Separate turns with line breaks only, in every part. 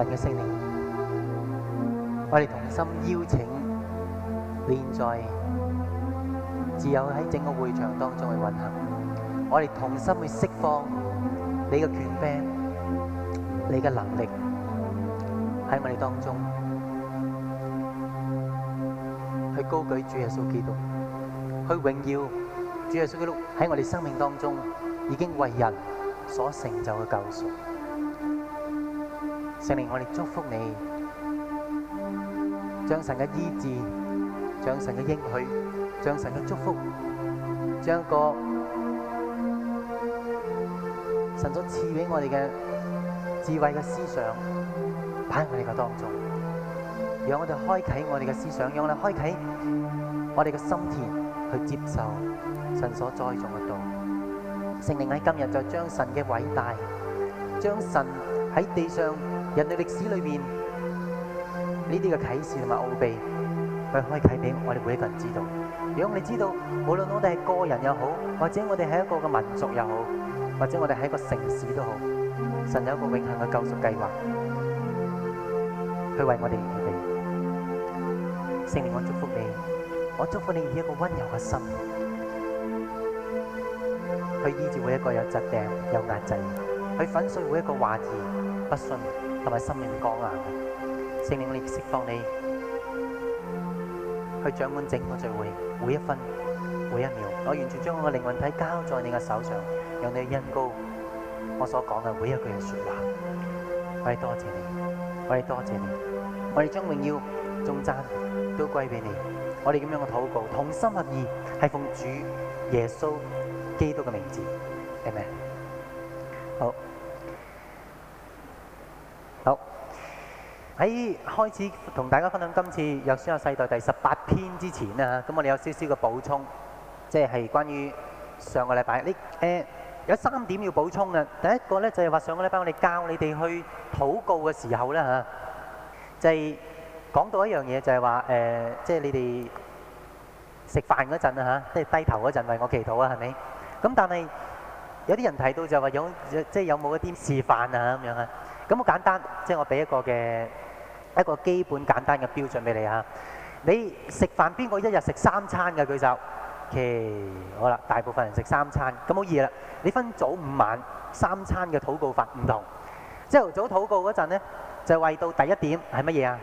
神嘅聖靈，我哋同心邀請，你現在自由喺整個會場當中去運行。我哋同心去釋放你嘅權柄，你嘅能力喺我哋當中去高舉主耶穌基督，去榮耀主耶穌基督喺我哋生命當中已經為人所成就嘅救贖。聖靈，我哋祝福你，將神嘅意志、將神嘅應許，將神嘅祝福，將個神所賜俾我哋嘅智慧嘅思想擺喺我哋嘅當中，讓我哋開啟我哋嘅思想，讓我哋開啟我哋嘅心田去接受神所栽種嘅道。聖靈喺今日就將神嘅偉大，將神喺地上，人類歷史裏面呢啲嘅啟示同埋奧秘，佢可以開啟俾我哋每一個人知道。如果你知道，無論我哋係個人又好，或者我哋係一個嘅民族又好，或者我哋係一個城市都好，神有一個永恆嘅救贖計劃，去為我哋預備。聖靈，我祝福你，我祝福你以一個溫柔嘅心，去醫治每一個有疾病、有壓制，去粉碎每一個懷疑、不信。同埋心裏面剛硬嘅，聖靈你釋放你去掌管整個聚會，每一分，每一秒，我完全將我嘅靈魂體交在你嘅手上，用你嘅恩膏，我所講嘅每一句說話，我哋多謝你，我哋多謝你，我哋將榮耀、頌讚都歸俾你，我哋咁樣嘅禱告，同心合意，係奉主耶穌基督嘅名字，阿門。喺開始同大家分享今次《約書亞世代》第十八篇之前咧嚇，咁我哋有少少嘅補充，即係關於上個禮拜，你誒有三點要補充嘅。第一個咧就係話上個禮拜我哋教你哋去禱告嘅時候咧嚇，就係講到一樣嘢，就係話誒，即係你哋食飯嗰陣啊嚇，即係低頭嗰陣為我祈禱啊，係咪？咁但係有啲人睇到就話有即係有冇一啲示範啊咁樣啊？咁好簡單，即係我俾一個嘅。一個基本簡單嘅標準俾你嚇、啊。你食飯邊個一日食三餐嘅？舉手。k、OK，好啦，大部分人食三餐，咁好易啦。你分早午晚三餐嘅禱告法唔同。朝頭早禱告嗰陣呢就為到第一點係乜嘢啊？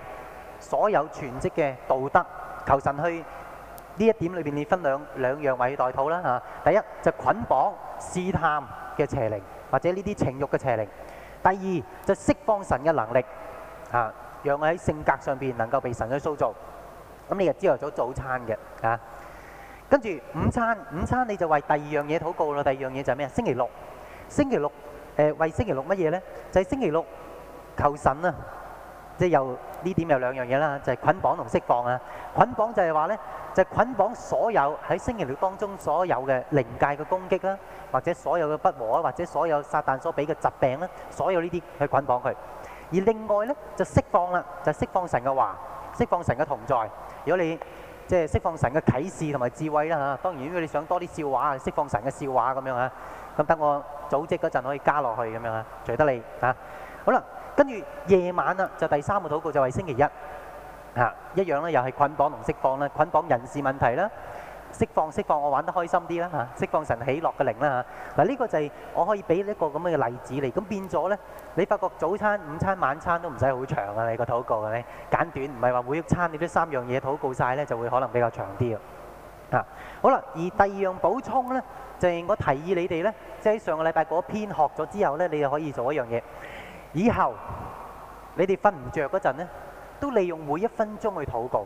所有全職嘅道德求神去呢一點裏邊，你分兩兩樣為代禱啦、啊、第一就捆綁試探嘅邪靈，或者呢啲情欲嘅邪靈；第二就釋放神嘅能力、啊讓我喺性格上邊能夠被神去塑造。咁你日朝頭早早餐嘅啊，跟住午餐午餐，你就為第二樣嘢禱告啦。第二樣嘢就係咩啊？星期六，星期六誒、呃、為星期六乜嘢咧？就係、是、星期六求神啊！即係由呢點有兩樣嘢啦，就係捆綁同釋放啊。捆綁就係話咧，就係捆綁所有喺星期六當中所有嘅靈界嘅攻擊啦，或者所有嘅不和啊，或者所有撒旦所俾嘅疾病啦，所有呢啲去捆綁佢。而另外呢，就釋放啦，就是、釋放神嘅話，釋放神嘅同在。如果你即係、就是、釋放神嘅啟示同埋智慧啦嚇，當然如果你想多啲笑話，釋放神嘅笑話咁樣嚇，咁等我組織嗰陣可以加落去咁樣啊，隨得你嚇。好啦，跟住夜晚啊，就第三個禱告就係星期一嚇、啊，一樣咧又係捆綁同釋放啦，捆綁人事問題啦。釋放釋放，我玩得開心啲啦嚇，釋放神喜樂嘅靈啦嚇。嗱，呢個就係我可以俾一個咁嘅例子嚟，咁變咗咧，你發覺早餐、午餐、晚餐都唔使好長啊，你個禱告係咪簡短，唔係話每一餐你都三樣嘢禱告晒咧，就會可能比較長啲啊。好啦，而第二樣補充咧，就係我提議你哋咧，即係上個禮拜嗰篇學咗之後咧，你又可以做一樣嘢。以後你哋瞓唔着嗰陣咧，都利用每一分鐘去禱告。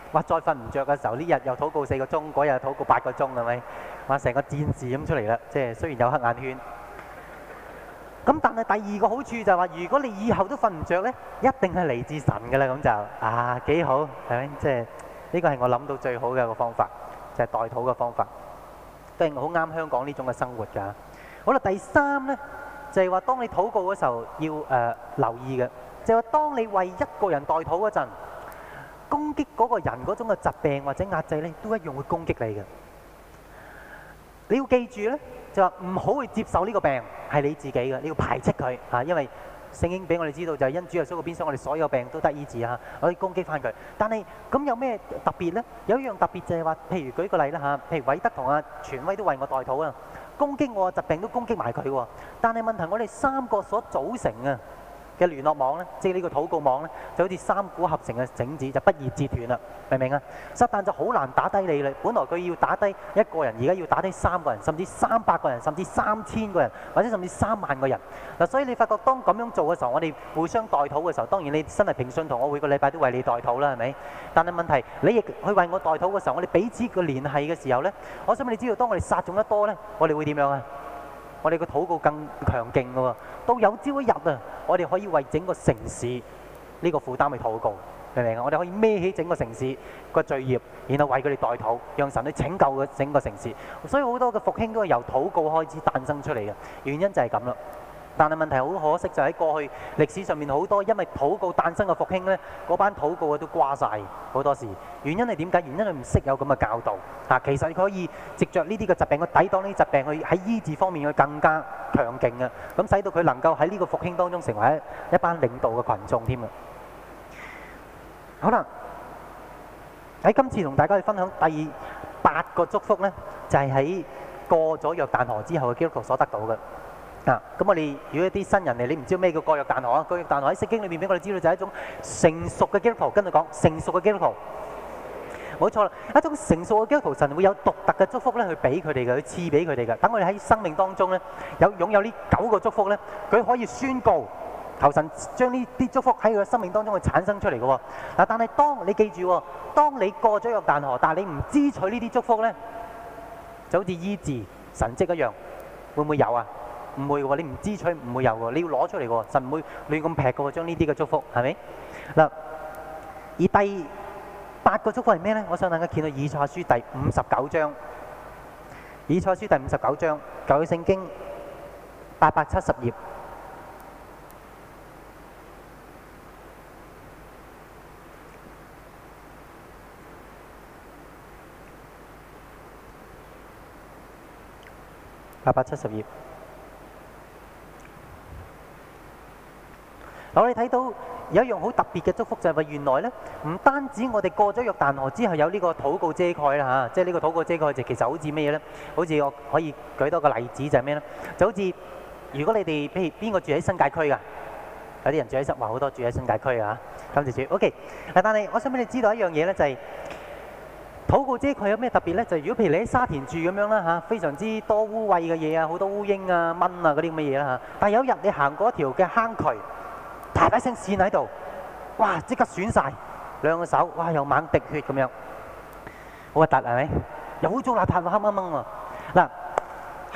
話再瞓唔著嘅時候，呢日又禱告四個鐘，嗰日又禱告八個鐘，係咪？話成個戰士咁出嚟啦，即係雖然有黑眼圈。咁但係第二個好處就係話，如果你以後都瞓唔著咧，一定係嚟自神嘅啦，咁就啊幾好，係咪？即係呢個係我諗到最好嘅一個方法，就係代禱嘅方法，都係好啱香港呢種嘅生活㗎。好啦，第三咧就係話，當你禱告嘅時候要誒留意嘅，就係話當你為一個人代禱嗰陣。攻擊嗰個人嗰種嘅疾病或者壓制咧，都一樣會攻擊你嘅。你要記住咧，就話唔好去接受呢個病，係你自己嘅。你要排斥佢嚇，因為聖經俾我哋知道就係因主耶穌嘅鞭傷，我哋所有病都得醫治啊！可以攻擊翻佢。但係咁有咩特別咧？有一樣特別就係話，譬如舉個例啦嚇，譬如偉德同阿全威都為我代禱啊，攻擊我嘅疾病都攻擊埋佢喎。但係問題我哋三個所組成啊嘅聯絡網咧，即係呢個禱告網咧，就好似三股合成嘅繩子，就不易折斷啦，明唔明啊？撒但就好難打低你哋，本來佢要打低一個人，而家要打低三個人，甚至三百個人，甚至三千個人，或者甚至三萬個人。嗱，所以你發覺當咁樣做嘅時候，我哋互相代禱嘅時候，當然你身為平信同我每、這個禮拜都為你代禱啦，係咪？但係問題，你亦去為我代禱嘅時候，我哋彼此嘅聯繫嘅時候呢，我想你知道，當我哋撒種得多呢，我哋會點樣啊？我哋個禱告更強勁喎，到有朝一日啊，我哋可以為整個城市呢個負擔去禱告，明唔明啊？我哋可以孭起整個城市個罪業，然後為佢哋代禱，讓神去拯救佢整個城市。所以好多嘅復興都係由禱告開始誕生出嚟嘅，原因就係咁啦。但係問題好可惜，就喺、是、過去歷史上面好多，因為禱告誕生嘅復興呢。嗰班禱告啊都瓜晒好多時。原因係點解？原因佢唔識有咁嘅教導。嚇、啊，其實佢可以藉着呢啲嘅疾病去抵擋呢啲疾病，去喺醫治方面去更加強勁啊！咁使到佢能夠喺呢個復興當中成為一班領導嘅群眾添啊！可能喺今次同大家去分享第八個祝福呢，就係、是、喺過咗約旦河之後嘅基督徒所得到嘅。啊！咁我哋如果一啲新人嚟，你唔知咩叫過約旦河？啊？過約旦河喺聖經裏面俾我哋知道就係一種成熟嘅基督徒。跟住講成熟嘅基督徒，冇錯啦，一種成熟嘅基督徒，神會有獨特嘅祝福咧，去俾佢哋嘅，去賜俾佢哋嘅。等我哋喺生命當中咧，有擁有呢九個祝福咧，佢可以宣告求神將呢啲祝福喺佢嘅生命當中去產生出嚟嘅、哦。嗱、啊，但係當你記住、哦，當你過咗約旦河，但係你唔支取呢啲祝福咧，就好似醫治神蹟一樣，會唔會有啊？唔會喎，你唔支取唔會有喎，你要攞出嚟喎，神唔會亂咁劈嘅喎，將呢啲嘅祝福係咪？嗱，而第八個祝福係咩呢？我想大家見到以賽書第五十九章。以賽書第五十九章舊嘅聖經八百七十頁，八百七十頁。我哋睇到有一樣好特別嘅祝福就係話，原來咧，唔單止我哋過咗約旦河之後有呢個禱告遮蓋啦嚇，即係呢個禱告遮蓋，啊就係、蓋其實好似咩嘢咧？好似我可以舉多一個例子就係咩咧？就好似如果你哋譬如邊個住喺新界區噶，有啲人住喺新，話好多住喺新界區啊。感謝主 OK，嗱，但係我想俾你知道一樣嘢咧，就係禱告遮蓋有咩特別咧？就如果譬如你喺沙田住咁樣啦嚇、啊，非常之多污穢嘅嘢啊，好多烏蠅啊、蚊啊嗰啲咁嘅嘢啦嚇。但係有日你行過一條嘅坑渠。大把聲屎喺度，哇！即刻損晒，兩個手，哇！又猛滴血咁樣，好核突係咪？有烏糟邋遢黑掹掹啊！嗱、呃，喺、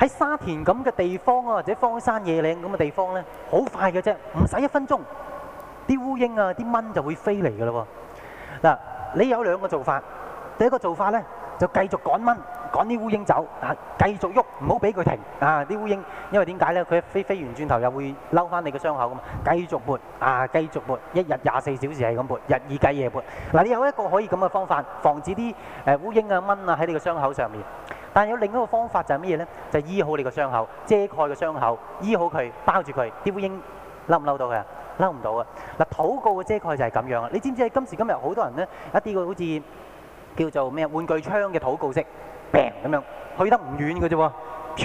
呃呃、沙田咁嘅地方啊，或者荒山野嶺咁嘅地方咧，好快嘅啫，唔使一分鐘，啲烏蠅啊、啲蚊就會飛嚟㗎喇喎！嗱、呃，你有兩個做法，第一個做法咧。就繼續趕蚊，趕啲烏蠅走啊！繼續喐，唔好俾佢停啊！啲烏蠅，因為點解呢？佢飛飛完轉頭又會嬲翻你嘅傷口噶嘛！繼續撥啊，繼續撥、啊，一日廿四小時係咁撥，日以繼夜撥。嗱、啊，你有一個可以咁嘅方法，防止啲誒烏蠅啊、蚊啊喺、啊、你嘅傷口上面。但有另一個方法就係乜嘢呢？就醫、係、好你嘅傷口，遮蓋嘅傷口，醫好佢，包住佢，啲烏蠅嬲唔嬲到佢啊？嬲唔到啊！嗱，禱告嘅遮蓋就係咁樣啦。你知唔知今時今日好多人呢，一啲個好似～叫做咩玩具槍嘅禱告式，bang 咁樣去得唔遠嘅啫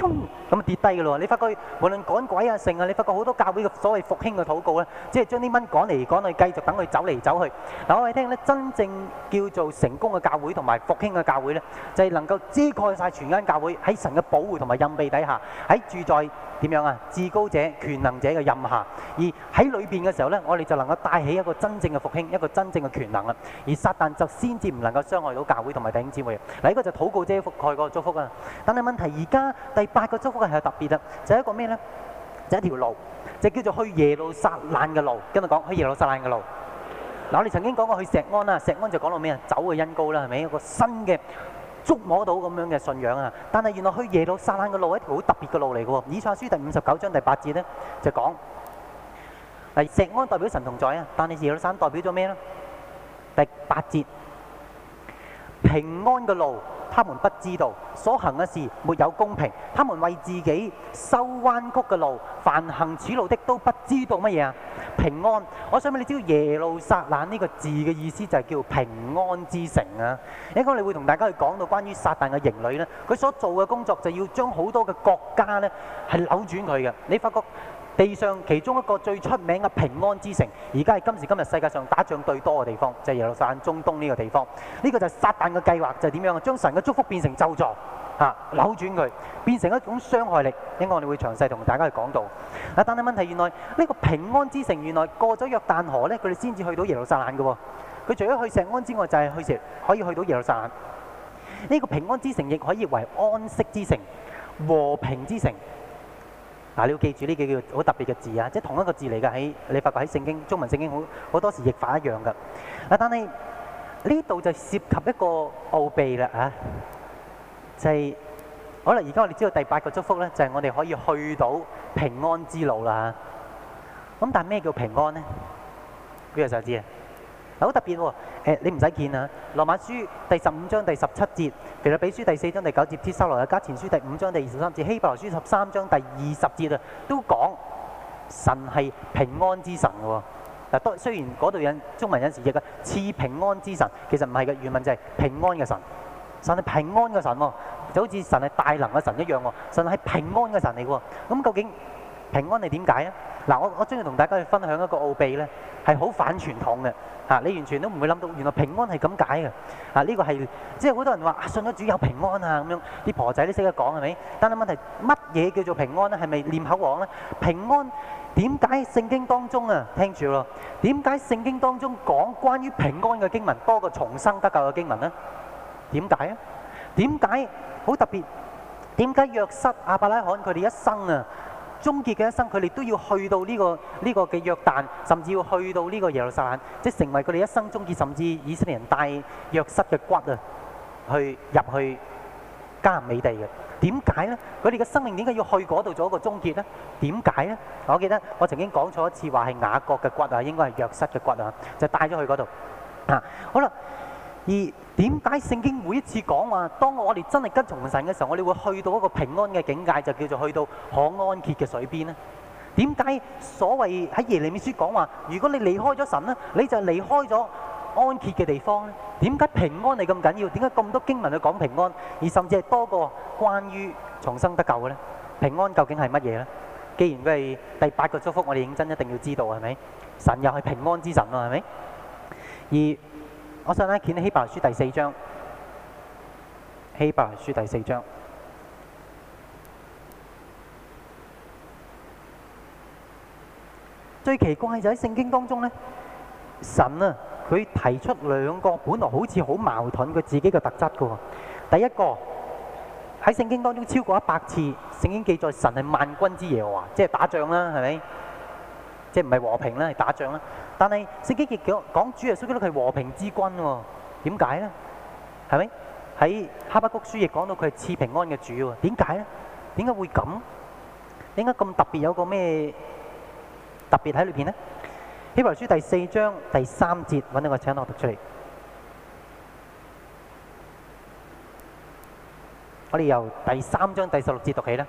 喎。咁跌低噶咯喎！你發覺無論趕鬼啊、成啊，你發覺好多教會嘅所謂復興嘅禱告咧，只係將啲蚊趕嚟趕去，繼續等佢走嚟走去。嗱，我哋聽咧真正叫做成功嘅教會同埋復興嘅教會咧，就係能夠遮蓋曬全間教會喺神嘅保護同埋恩庇底下，喺住在點樣啊？至高者、權能者嘅任下，而喺裏邊嘅時候咧，我哋就能夠帶起一個真正嘅復興，一個真正嘅權能啊！而撒但就先至唔能夠傷害到教會同埋弟兄姊妹。嗱，呢個就禱告遮覆蓋嗰個祝福啊！但係問題而家第八個祝福。個係特別嘅，就係一個咩咧？就係一條路，就叫做去耶路撒冷嘅路。跟住講去耶路撒冷嘅路。嗱，我哋曾經講過去石安啊，石安就講到咩啊？走嘅恩膏啦，係咪有個新嘅捉摸到咁樣嘅信仰啊？但係原來去耶路撒冷嘅路係一條好特別嘅路嚟嘅。以賽書第五十九章第八節咧就講，係石安代表神同在啊，但係耶路撒冷代表咗咩咧？第八節平安嘅路。他們不知道所行嘅事沒有公平，他們為自己修彎曲嘅路，凡行此路的都不知道乜嘢啊！平安，我想問你知道耶路撒冷呢個字嘅意思就係叫平安之城啊！應該你會同大家去講到關於撒旦嘅營壘咧，佢所做嘅工作就要將好多嘅國家咧係扭轉佢嘅，你發覺。地上其中一個最出名嘅平安之城，而家係今時今日世界上打仗最多嘅地方，就係耶路撒冷中東呢個地方。呢個就係撒旦嘅計劃就是，就係點樣啊？將神嘅祝福變成咒詛，扭轉佢，變成一種傷害力。應該我哋會詳細同大家去講到。但係問題原來呢、這個平安之城，原來過咗約旦河呢，佢哋先至去到耶路撒冷嘅喎、哦。佢除咗去錫安之外，就係去時可以去到耶路撒冷。呢、這個平安之城亦可以為安息之城、和平之城。嗱、啊，你要記住呢幾個好特別嘅字啊，即係同一個字嚟噶，喺你發覺喺聖經中文聖經好好多時譯法一樣噶，啊，但係呢度就涉及一個奧秘啦啊，就係、是，好啦，而家我哋知道第八個祝福咧，就係、是，我哋可以去到平安之路啦嚇，咁、啊、但係咩叫平安咧？邊個就知啊？好特別喎、哦，你唔使見啊。羅馬書第十五章第十七節，腓立比書第四章第九節，帖撒羅尼迦前書第五章第二十三節，希伯來書十三章第二十節啊，都講神係平安之神嘅喎、哦。嗱，當然雖然嗰度有中文有時譯嘅似平安之神，其實唔係嘅，原文就係平安嘅神。神係平安嘅神喎、哦，就好似神係大能嘅神一樣喎。神係平安嘅神嚟嘅喎，咁究竟？平安係點解啊？嗱，我我中意同大家去分享一個奧秘咧，係好反傳統嘅嚇。你完全都唔會諗到，原來平安係咁解嘅嚇。呢個係即係好多人話信咗主有平安啊咁樣，啲婆仔都識得講係咪？但係問題，乜嘢叫做平安咧？係咪念口簧咧？平安點解，聖經當中啊？聽住咯，點解聖經當中講關於平安嘅經文多過重生得救嘅經文咧？點解啊？點解好特別？點解約瑟、亞伯拉罕佢哋一生啊？終結嘅一生，佢哋都要去到呢個呢個嘅約旦，甚至要去到呢個耶路撒冷，即係成為佢哋一生終結，甚至以色列人帶約瑟嘅骨啊，去入去迦南美地嘅。點解呢？佢哋嘅生命點解要去嗰度做一個終結呢？點解呢？我記得我曾經講錯一次，話係雅各嘅骨啊，應該係約瑟嘅骨啊，就帶咗去嗰度啊。好啦。而點解聖經每一次講話，當我哋真係跟從神嘅時候，我哋會去到一個平安嘅境界，就叫做去到可安歇嘅水邊呢？點解所謂喺耶利米書講話，如果你離開咗神呢，你就離開咗安歇嘅地方呢？點解平安係咁緊要？點解咁多經文去講平安，而甚至係多過關於重生得救嘅呢？平安究竟係乜嘢呢？既然佢係第八個祝福，我哋認真的一定要知道，係咪？神又係平安之神喎，係咪？而我想咧，見希伯來書第四章，希伯來書第四章最奇怪就喺聖經當中咧，神啊，佢提出兩個本來好似好矛盾佢自己嘅特質嘅喎。第一個喺聖經當中超過一百次，聖經記載神係萬軍之耶和華，即係打仗啦，係咪？即係唔係和平啦，係打仗啦。但係《聖經》亦講講主耶穌基督係和平之君喎，點解呢？係咪喺《哈巴谷書》亦講到佢係次平安嘅主喎？點解呢？點解會咁？點解咁特別有個咩特別喺裏邊呢？希伯來書第四章第三節揾到個，請我讀出嚟，我哋由第三章第十六節讀起啦。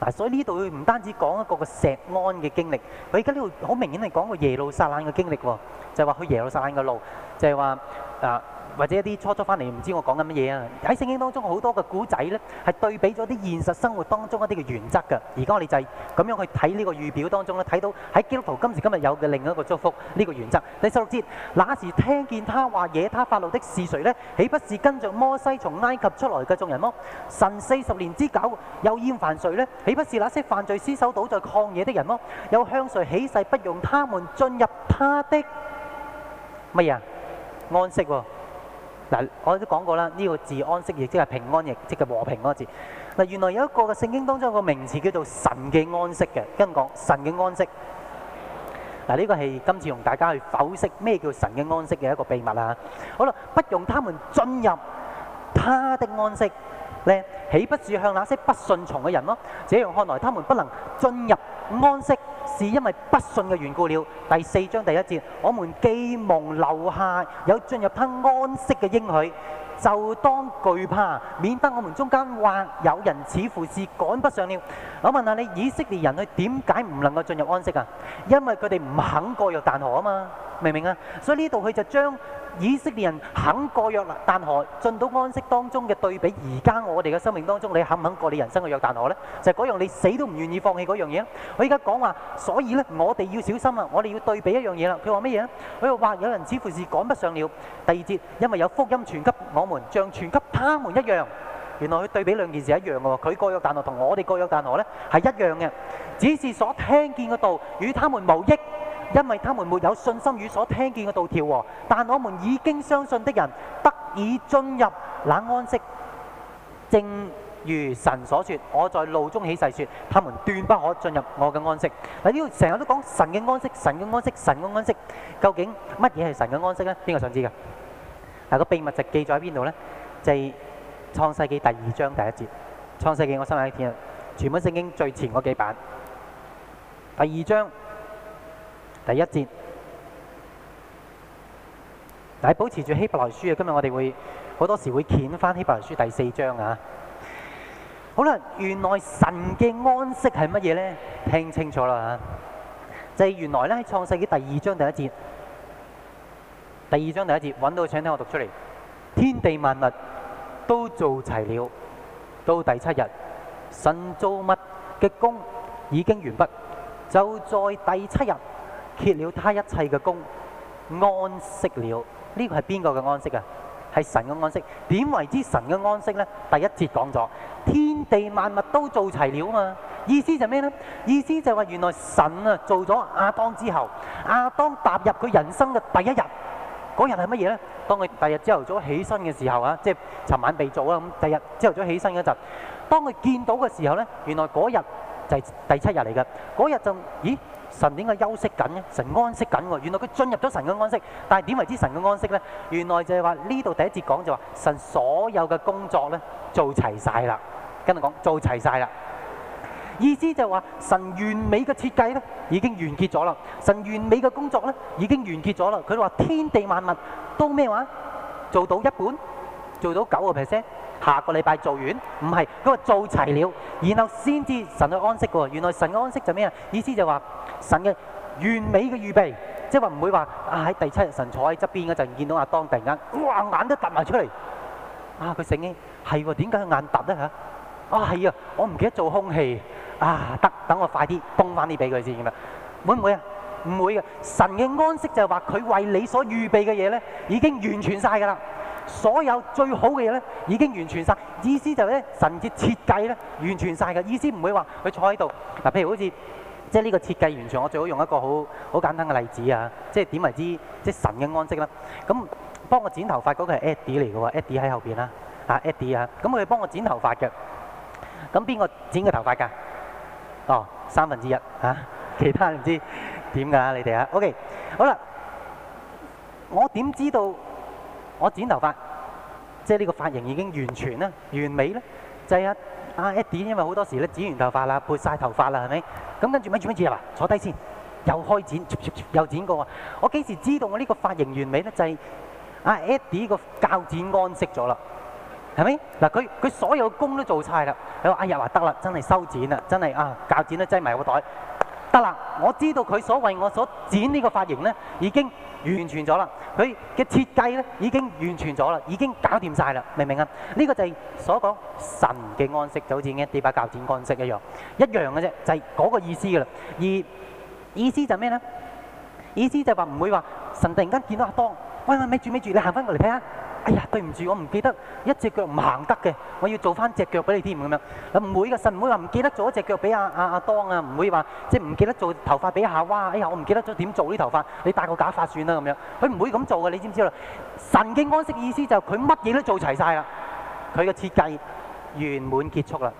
嗱，所以呢度不唔單止講一個個石安嘅經歷，佢而家呢度好明顯係講個耶路撒冷嘅經歷喎，就係話去耶路撒冷嘅路，就係話啊。或者一啲初初翻嚟唔知我講緊乜嘢啊？喺聖經當中好多嘅古仔呢係對比咗啲現實生活當中一啲嘅原則噶。而家我哋就係咁樣去睇呢個預表當中呢，睇到喺基督徒今時今日有嘅另一個祝福呢、呢個原則。第十六節，那時聽見他話惹他發怒的是誰呢？豈不是跟著摩西從埃及出來嘅眾人麼？神四十年之久又厭煩誰呢？豈不是那些犯罪屍首倒在曠野的人麼？又向誰起誓不容他們進入他的乜嘢啊？安息喎、啊！嗱，我都講過啦，呢、這個字安息亦即係平安亦即係和平嗰個字。嗱，原來有一個嘅聖經當中有個名詞叫做神嘅安息嘅，跟住講神嘅安息。嗱，呢、這個係今次同大家去剖析咩叫神嘅安息嘅一個秘密啊！好啦，不容他們進入他的安息咧，豈不是向那些不信從嘅人咯？這樣看來，他們不能進入。安息是因為不信嘅緣故了。第四章第一節，我們既蒙留下有進入他安息嘅應許，就當懼怕，免得我們中間或有人似乎是趕不上了。我問下你，以色列人佢點解唔能夠進入安息啊？因為佢哋唔肯過約旦河啊嘛，明唔明啊？所以呢度佢就將。以色列人肯過約旦河，進到安息當中嘅對比，而家我哋嘅生命當中，你肯唔肯過你人生嘅約旦河咧？就係嗰樣你死都唔願意放棄嗰樣嘢。我而家講話，所以咧，我哋要小心啦，我哋要對比一樣嘢啦。佢話咩嘢咧？佢又話：有人似乎是趕不上了。第二節，因為有福音傳給我們，像傳給他們一樣。原來佢對比兩件事一樣嘅喎，佢過約旦河同我哋過約旦河咧係一樣嘅，只是所聽見嘅道與他們無益。因為他們沒有信心與所聽見嘅道調和，但我們已經相信的人得以進入那安息。正如神所說，我在路中起誓說，他們斷不可進入我嘅安息。嗱，呢度成日都講神嘅安息，神嘅安息，神嘅安息。究竟乜嘢係神嘅安息呢？邊個想知噶？嗱，個秘密就記載喺邊度呢？就係、是、創世紀第二章第一節。創世紀我收喺一天日，全本聖經最前嗰幾版，第二章。第一節，但係保持住希伯來書啊，今日我哋會好多時會掀翻希伯來書第四章啊。好啦，原來神嘅安息係乜嘢呢？聽清楚啦、啊、就係、是、原來咧喺創世紀第二章第一節，第二章第一節揾到，請聽我讀出嚟。天地萬物都做齊了，到第七日，神造物嘅工已經完畢，就在第七日。歇了他一切嘅功，安息了。呢個係邊個嘅安息啊？係神嘅安息。點為之神嘅安息呢？第一節講咗，天地萬物都做齊了嘛。意思就咩呢？意思就話原來神啊做咗亞當之後，亞當踏入佢人生嘅第一日，嗰日係乜嘢呢？當佢第日朝頭早起身嘅時候啊，即係尋晚未做啊，咁第日朝頭早起身嗰陣，當佢見到嘅時候呢，原來嗰日。就係第七日嚟嘅，嗰日就咦，神點解休息緊嘅？神安息緊喎，原來佢進入咗神嘅安息，但係點為之神嘅安息咧？原來就係話呢度第一節講就話，神所有嘅工作咧做齊曬啦，跟住講做齊曬啦，意思就係話神完美嘅設計咧已經完結咗啦，神完美嘅工作咧已經完結咗啦。佢話天地萬物都咩話？做到一半，做到九個 percent。下個禮拜做完？唔係，嗰個做齊了，然後先至神去安息喎。原來神嘅安息就咩啊？意思就話神嘅完美嘅預備，即係話唔會話喺、啊、第七日神坐喺側邊嗰陣見到阿當突然間哇眼都凸埋出嚟啊！佢醒起，係喎，點解佢眼凸咧嚇？啊係啊，我唔記得做空氣啊！得，等我快啲封翻啲俾佢先咁啦。會唔會啊？唔會嘅，神嘅安息就係話佢為你所預備嘅嘢咧，已經完全晒㗎啦。所有最好嘅嘢咧，已經完全晒。意思就咧，神嘅設計咧，完全晒嘅。意思唔會話佢坐喺度嗱，譬如好似即係呢個設計完全。我最好用一個好好簡單嘅例子啊，即係點為之即係神嘅安息啦。咁幫我剪頭髮嗰個係 Eddie 嚟嘅喎，Eddie 喺後邊啦，啊 Eddie 啊，咁佢幫我剪頭髮嘅。咁邊個剪佢頭髮㗎？哦，三分之一啊，其他唔知點㗎，啊？你哋啊，OK，好啦，我點知道？我剪頭髮，即係呢個髮型已經完全啦、完美啦，就係啊，阿 Eddie 因為好多時咧剪完頭髮啦、撥晒頭髮啦，係咪？咁跟住咪轉乜轉啊？坐低先，又開剪，又剪過我。我幾時知道我呢個髮型完美咧？就係阿 Eddie 個鉸剪安息咗啦，係咪？嗱，佢佢所有工都做晒啦。佢話：哎呀，得啦，真係收剪啦，真係啊，鉸剪都擠埋個袋，得啦。我知道佢所為我所剪呢個髮型咧，已經。完全咗啦，佢嘅設計咧已經完全咗啦，已經搞掂晒啦，明唔明啊？呢個就係所講神嘅安息，就好似啱啲把鉸剪安息一樣，一樣嘅啫，就係嗰個意思噶啦。而意思就係咩咧？意思就係話唔會話神突然間見到阿當，喂喂，咪住咪住，你行翻過嚟睇下。哎呀，對唔住，我唔記得一隻腳唔行得嘅，我要做翻隻腳俾你添咁樣。啊，唔會嘅，神唔會話唔記得做一隻腳俾阿阿阿當啊，唔會話即係唔記得做頭髮俾阿。哇！哎呀，我唔記得咗點做呢頭髮，你戴個假髮算啦咁樣。佢唔會咁做嘅，你知唔知道啦？神嘅安息嘅意思就係佢乜嘢都做齊晒啦，佢嘅設計圓滿結束啦。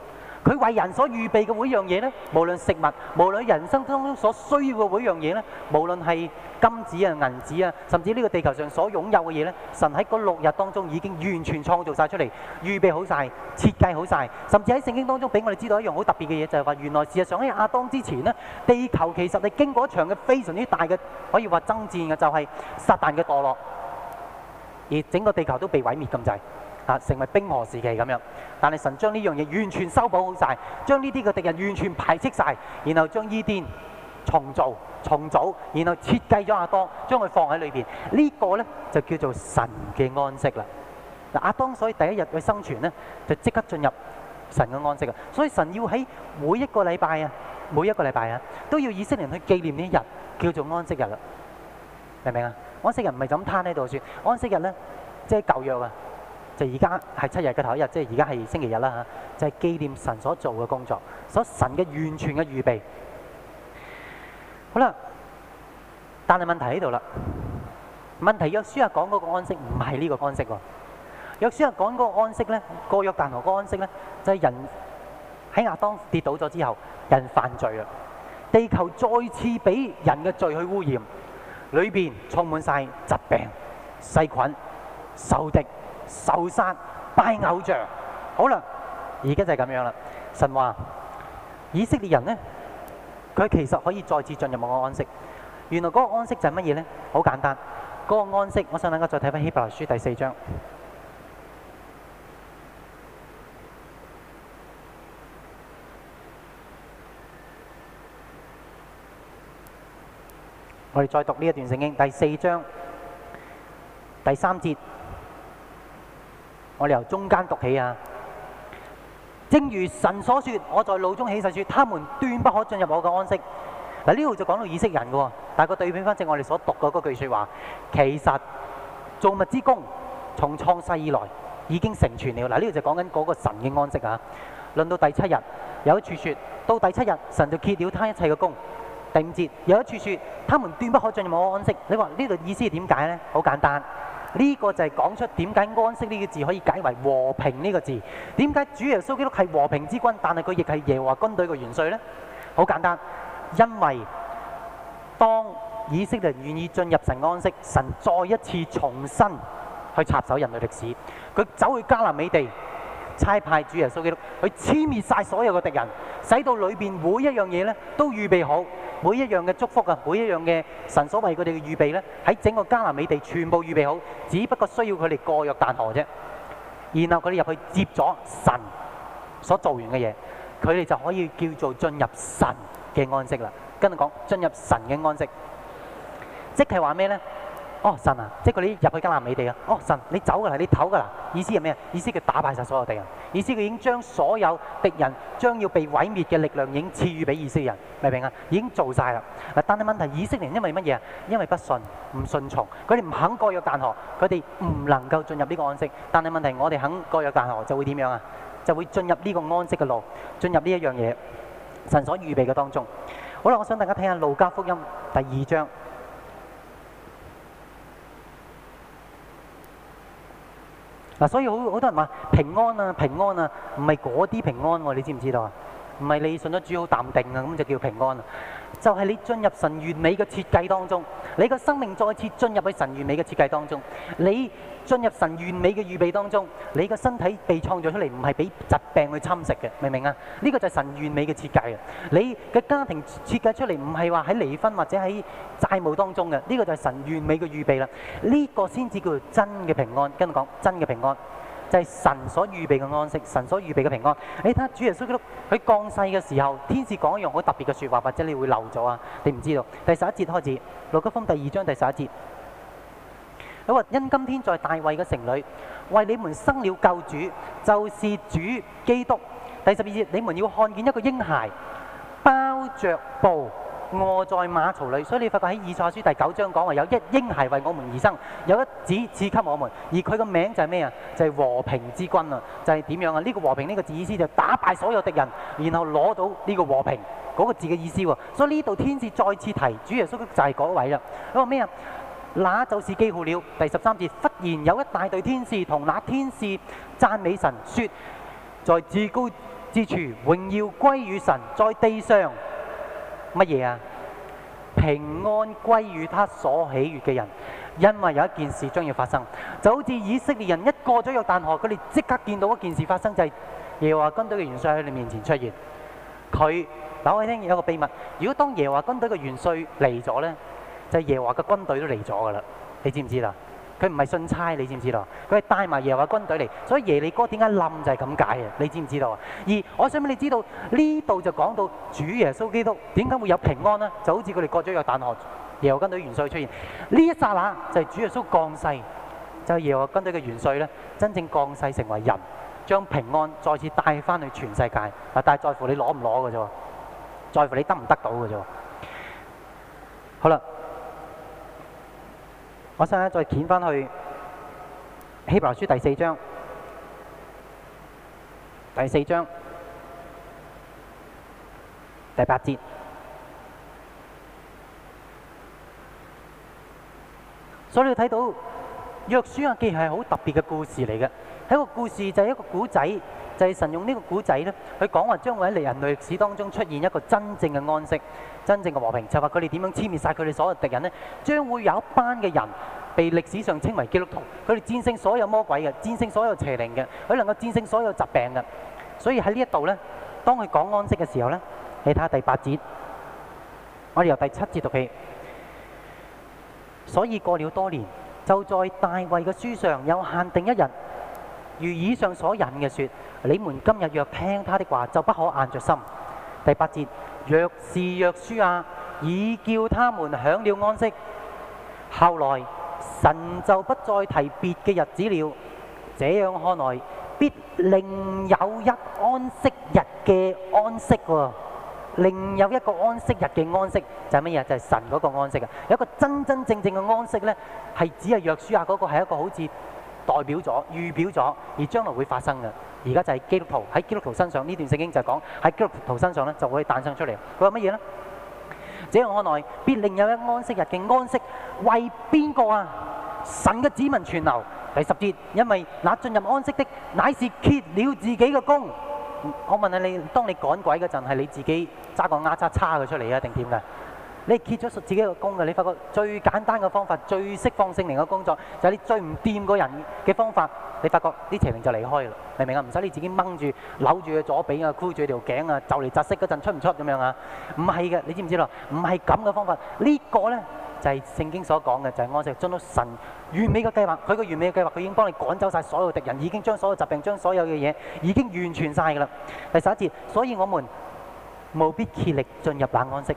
佢為人所預備嘅每樣嘢呢，無論食物，無論人生當中所需要嘅每樣嘢呢，無論係金子啊、銀子啊，甚至呢個地球上所擁有嘅嘢呢，神喺嗰六日當中已經完全創造晒出嚟，預備好晒，設計好晒，甚至喺聖經當中俾我哋知道一樣好特別嘅嘢，就係話原來事實上喺亞當之前呢，地球其實你經過一場嘅非常之大嘅，可以話爭戰嘅，就係撒旦嘅墮落，而整個地球都被毀滅咁滯。成為冰河時期咁樣，但係神將呢樣嘢完全修補好晒，將呢啲嘅敵人完全排斥晒，然後將伊甸重造、重組，然後設計咗亞當，將佢放喺裏邊。呢個呢就叫做神嘅安息啦。亞當所以第一日嘅生存呢，就即刻進入神嘅安息啊。所以神要喺每一個禮拜啊，每一個禮拜啊，都要以色列去紀念呢一日，叫做安息日啦。明唔明啊？安息日唔係就咁攤喺度算，安息日呢，即係舊約啊。就而家係七日嘅頭一日，即係而家係星期日啦嚇。就係、是、紀念神所做嘅工作，所神嘅完全嘅預備。好啦，但係問題喺度啦。問題約書亞講嗰個安息唔係呢個安息喎。約書亞講嗰個安息咧，過約旦河嗰個安息咧，就係、是、人喺亞當跌倒咗之後，人犯罪啦，地球再次俾人嘅罪去污染，裏邊充滿晒疾病、細菌、仇敵。受殺拜偶像，好啦，而家就係咁樣啦。神話以色列人呢，佢其實可以再次進入個安息。原來嗰個安息就係乜嘢呢？好簡單，嗰個安息。我想能夠再睇翻希伯來書第四章，我哋再讀呢一段聖經第四章第三節。我哋由中間讀起啊！正如神所說，我在怒中起誓說，他們斷不可進入我嘅安息。嗱，呢度就講到以色列人嘅喎，哦，但係佢對比翻正我哋所讀嘅嗰句說話，其實造物之工從創世以來已經成全了。嗱，呢度就講緊嗰個神嘅安息啊！論到第七日，有一處說到第七日，神就歇掉他一切嘅工。第五節有一處說，他們斷不可進入我的安息。你話呢度意思係點解呢？好簡單。呢個就係講出點解安息呢個字可以解為和平呢個字？點解主耶穌基督係和平之君，但係佢亦係耶和華軍隊嘅元帥呢？好簡單，因為當以色列人願意進入神安息，神再一次重新去插手人類歷史，佢走去迦南美地差派主耶穌基督去殲滅晒所有嘅敵人，使到裏邊每一樣嘢呢都預備好。每一樣嘅祝福啊，每一樣嘅神所為佢哋嘅預備咧，喺整個迦南美地全部預備好，只不過需要佢哋過約旦河啫。然後佢哋入去接咗神所做完嘅嘢，佢哋就可以叫做進入神嘅安息啦。跟住講進入神嘅安息，即係話咩咧？哦，神啊，即係佢哋入去迦南美地啊。哦神，你走噶啦，你唞噶啦。意思係咩啊？意思佢打敗晒所有敵人，意思佢已經將所有敵人。將要被毀滅嘅力量已經賜予俾以色列人，明唔明啊？已經做晒啦。但係問題是，以色列人因為乜嘢啊？因為不信，唔順從，佢哋唔肯過約旦河，佢哋唔能夠進入呢個安息。但係問題是，我哋肯過約旦河就會點樣啊？就會進入呢個安息嘅路，進入呢一樣嘢，神所預備嘅當中。好啦，我想大家睇下路加福音第二章。嗱，所以好好多人話平安啊平安啊，唔係嗰啲平安喎，你知唔知道啊？唔係你信咗主好淡定啊，咁就叫平安啊。就係你進入神完美嘅設計當中，你個生命再次進入去神完美嘅設計當中，你。進入神完美嘅預備當中，你嘅身體被創造出嚟，唔係俾疾病去侵蝕嘅，明唔明啊？呢個就係神完美嘅設計啊！你嘅家庭設計出嚟，唔係話喺離婚或者喺債務當中嘅，呢個就係神完美嘅預備啦。呢個先至叫做真嘅平安。跟住講真嘅平安，就係神所預備嘅安息，神所預備嘅平安。你睇下主耶穌佢降世嘅時候，天使講一樣好特別嘅説話，或者你會漏咗啊？你唔知道。第十一節開始，路加福音第二章第十一節。佢話，因今天在大衛嘅城裏，為你們生了救主，就是主基督。第十二節，你們要看見一個嬰孩，包着布，臥在馬槽裏。所以你發覺喺以賽亞書第九章講話，有一嬰孩為我們而生，有一子賜給我們，而佢嘅名就係咩啊？就係和平之君啊！就係點樣啊？呢個和平呢個字意思就打敗所有敵人，然後攞到呢個和平嗰個字嘅意思喎。所以呢度天使再次提主耶穌就係嗰位啦。佢話咩啊？那就是記號了。第十三節忽然有一大隊天使同那天使讚美神，說：在至高之處榮耀歸於神，在地上乜嘢啊？平安歸於他所喜悦嘅人，因為有一件事將要發生。就好似以色列人一過咗約旦河，佢哋即刻見到一件事發生，就係、是、耶和華軍隊嘅元帥喺你面前出現。佢，起我聽見有個秘密。如果當耶和華軍隊嘅元帥嚟咗呢。就係耶和華嘅軍隊都嚟咗噶啦，你知唔知啦？佢唔係信差，你知唔知道？佢係帶埋耶和華軍隊嚟，所以耶利哥點解冧就係咁解嘅？你知唔知道啊？而我想俾你知道呢度就講到主耶穌基督點解會有平安咧，就好似佢哋割咗藥蛋殼，耶和華軍隊元帥出現呢一剎那就係主耶穌降世，就係耶和華軍隊嘅元帥咧真正降世成為人，將平安再次帶翻去全世界啊！但係在乎你攞唔攞噶啫，在乎你得唔得到噶啫。好啦。我想咧，再掀翻去希伯來書第四章，第四章第八節，所以你睇到約書亞記係好特別嘅故事嚟嘅。喺個故事就係、是、一個古仔，就係、是、神用呢個古仔咧，佢講話將會喺人類歷史當中出現一個真正嘅安息、真正嘅和平，就話佢哋點樣消滅晒佢哋所有的敵人呢？將會有一班嘅人被歷史上稱為基督徒，佢哋戰勝所有魔鬼嘅，戰勝所有邪靈嘅，佢能夠戰勝所有疾病嘅。所以喺呢一度呢，當佢講安息嘅時候呢，你睇下第八節，我哋由第七節讀起。所以過了多年，就在大衛嘅書上有限定一日。如以上所引嘅說，你們今日若聽他的話，就不可硬着心。第八節，若是約書亞已叫他們享了安息，後來神就不再提別嘅日子了。這樣看來，必另有一安息日嘅安息。另有一個安息日嘅安息就係乜嘢？就係、是就是、神嗰個安息啊！有一個真真正正嘅安息呢，係只係約書亞嗰個，係一個好似。代表咗、預表咗，而將來會發生嘅。而家就係基督徒喺基，基督徒身上呢段聖經就係講喺基督徒身上咧，就會誕生出嚟。佢話乜嘢呢？這樣看來，必另有一安息日嘅安息，為邊個啊？神嘅子民存留。第十節，因為那進入安息的，乃是歇了自己嘅工。我問下你，當你趕鬼嗰陣係你自己揸個牙叉叉佢出嚟啊，定點㗎？你揭咗出自己個功嘅，你發覺最簡單嘅方法、最釋放聖靈嘅工作，就係、是、你最唔掂個人嘅方法。你發覺啲邪靈就離開啦，明唔明啊？唔使你自己掹住、扭住個左臂啊、箍住條頸啊，就嚟窒息嗰陣出唔出咁樣啊？唔係嘅，你知唔知咯？唔係咁嘅方法，呢、這個呢，就係、是、聖經所講嘅，就係、是、安息，遵到神完美嘅計劃。佢個完美嘅計劃，佢已經幫你趕走晒所有敵人，已經將所有疾病、將所有嘅嘢已經完全晒噶啦。第十一節，所以我們務必竭力進入冷安息。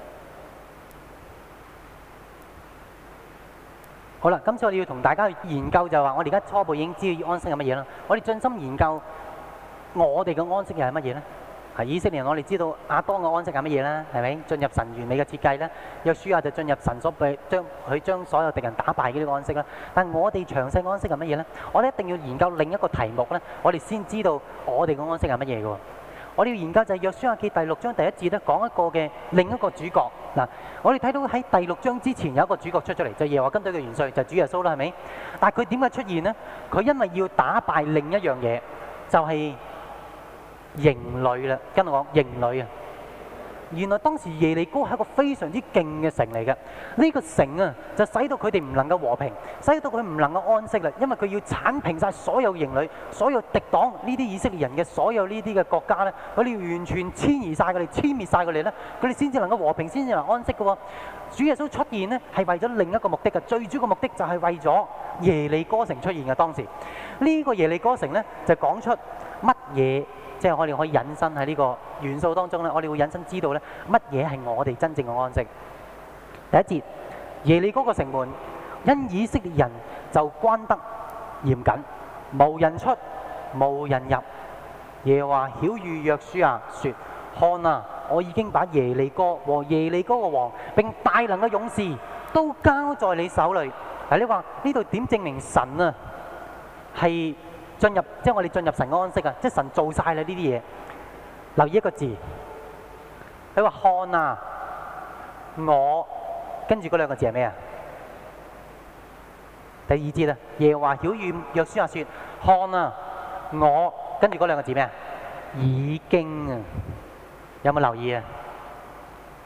好啦，今次我哋要同大家去研究就係話，我哋而家初步已經知道安息係乜嘢啦。我哋盡心研究我哋嘅安息又係乜嘢呢？係以色列，我哋知道亞當嘅安息係乜嘢呢？係咪進入神完美嘅設計呢？約書亞就進入神所被將佢將所有敵人打敗嘅呢個安息啦。但我哋詳細安息係乜嘢呢？我哋一定要研究另一個題目呢。我哋先知道我哋嘅安息係乜嘢嘅喎。我哋要研究就係約書亞記第六章第一節咧，講一個嘅另一個主角嗱。我哋睇到喺第六章之前有一個主角出咗嚟，就係耶和華軍隊嘅元帥，就係主耶穌啦，係咪？但係佢點解出現呢？佢因為要打敗另一樣嘢，就係淫女啦，跟我講淫女啊！原來當時耶利哥係一個非常之勁嘅城嚟嘅，呢個城啊就使到佢哋唔能夠和平，使到佢唔能夠安息啦。因為佢要鏟平晒所有營裏、所有敵黨呢啲以色列人嘅所有呢啲嘅國家咧，佢哋完全遷移晒，佢哋、殲滅晒，佢哋咧，佢哋先至能夠和平、先至能夠安息嘅喎、哦。主耶穌出現呢，係為咗另一個目的嘅，最主要嘅目的就係為咗耶利哥城出現嘅當時，呢、這個耶利哥城咧就講出乜嘢？即係我哋可以引申喺呢個元素當中咧，我哋會引申知道咧乜嘢係我哋真正嘅安息。第一節耶利哥個城門因以色列人就關得嚴謹，無人出，無人入。耶和華曉喻約書亞説：看啊，我已經把耶利哥和耶利哥個王並大能嘅勇士都交在你手裏。係你話呢度點證明神啊係？進入，即係我哋進入神安息啊！即係神做晒啦呢啲嘢。留意一個字，佢話看啊，我跟住嗰兩個字係咩啊？第二節啊，耶和華曉諭約書亞說：看啊，我跟住嗰兩個字咩啊？已經啊，有冇留意啊？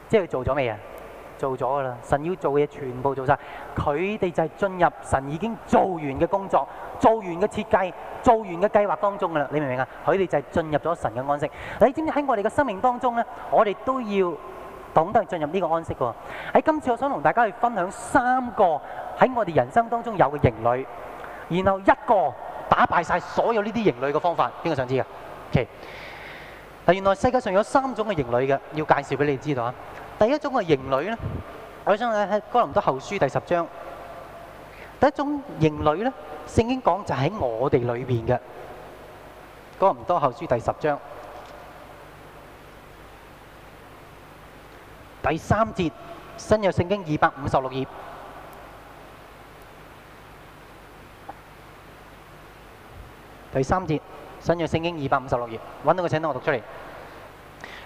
即係佢做咗未啊？做咗噶啦，神要做嘅嘢，全部做晒，佢哋就係進入神已經做完嘅工作，做完嘅設計，做完嘅計劃當中噶啦，你明唔明啊？佢哋就係進入咗神嘅安息。你知唔知喺我哋嘅生命當中呢？我哋都要懂得進入呢個安息喎。喺今次我想同大家去分享三個喺我哋人生當中有嘅營壘，然後一個打敗晒所有呢啲營壘嘅方法，邊個想知啊？OK，嗱，原來世界上有三種嘅營壘嘅，要介紹俾你哋知道啊。第一種嘅淫女咧，我相信喺《哥林多後書》第十章。第一種淫女咧，聖經講就喺我哋裏邊嘅。《哥林多後書》第十章第三節，新約聖經二百五十六頁。第三節，新約聖經二百五十六頁，揾到個，請等我讀出嚟。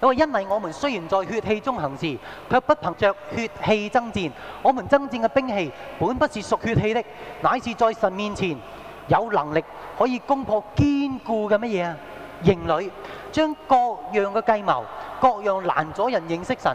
因為因為我們雖然在血氣中行事，卻不憑著血氣爭戰。我們爭戰嘅兵器，本不是屬血氣的，乃是在神面前有能力可以攻破堅固嘅乜嘢啊！營壘將各樣嘅計謀，各樣攔阻人認識神。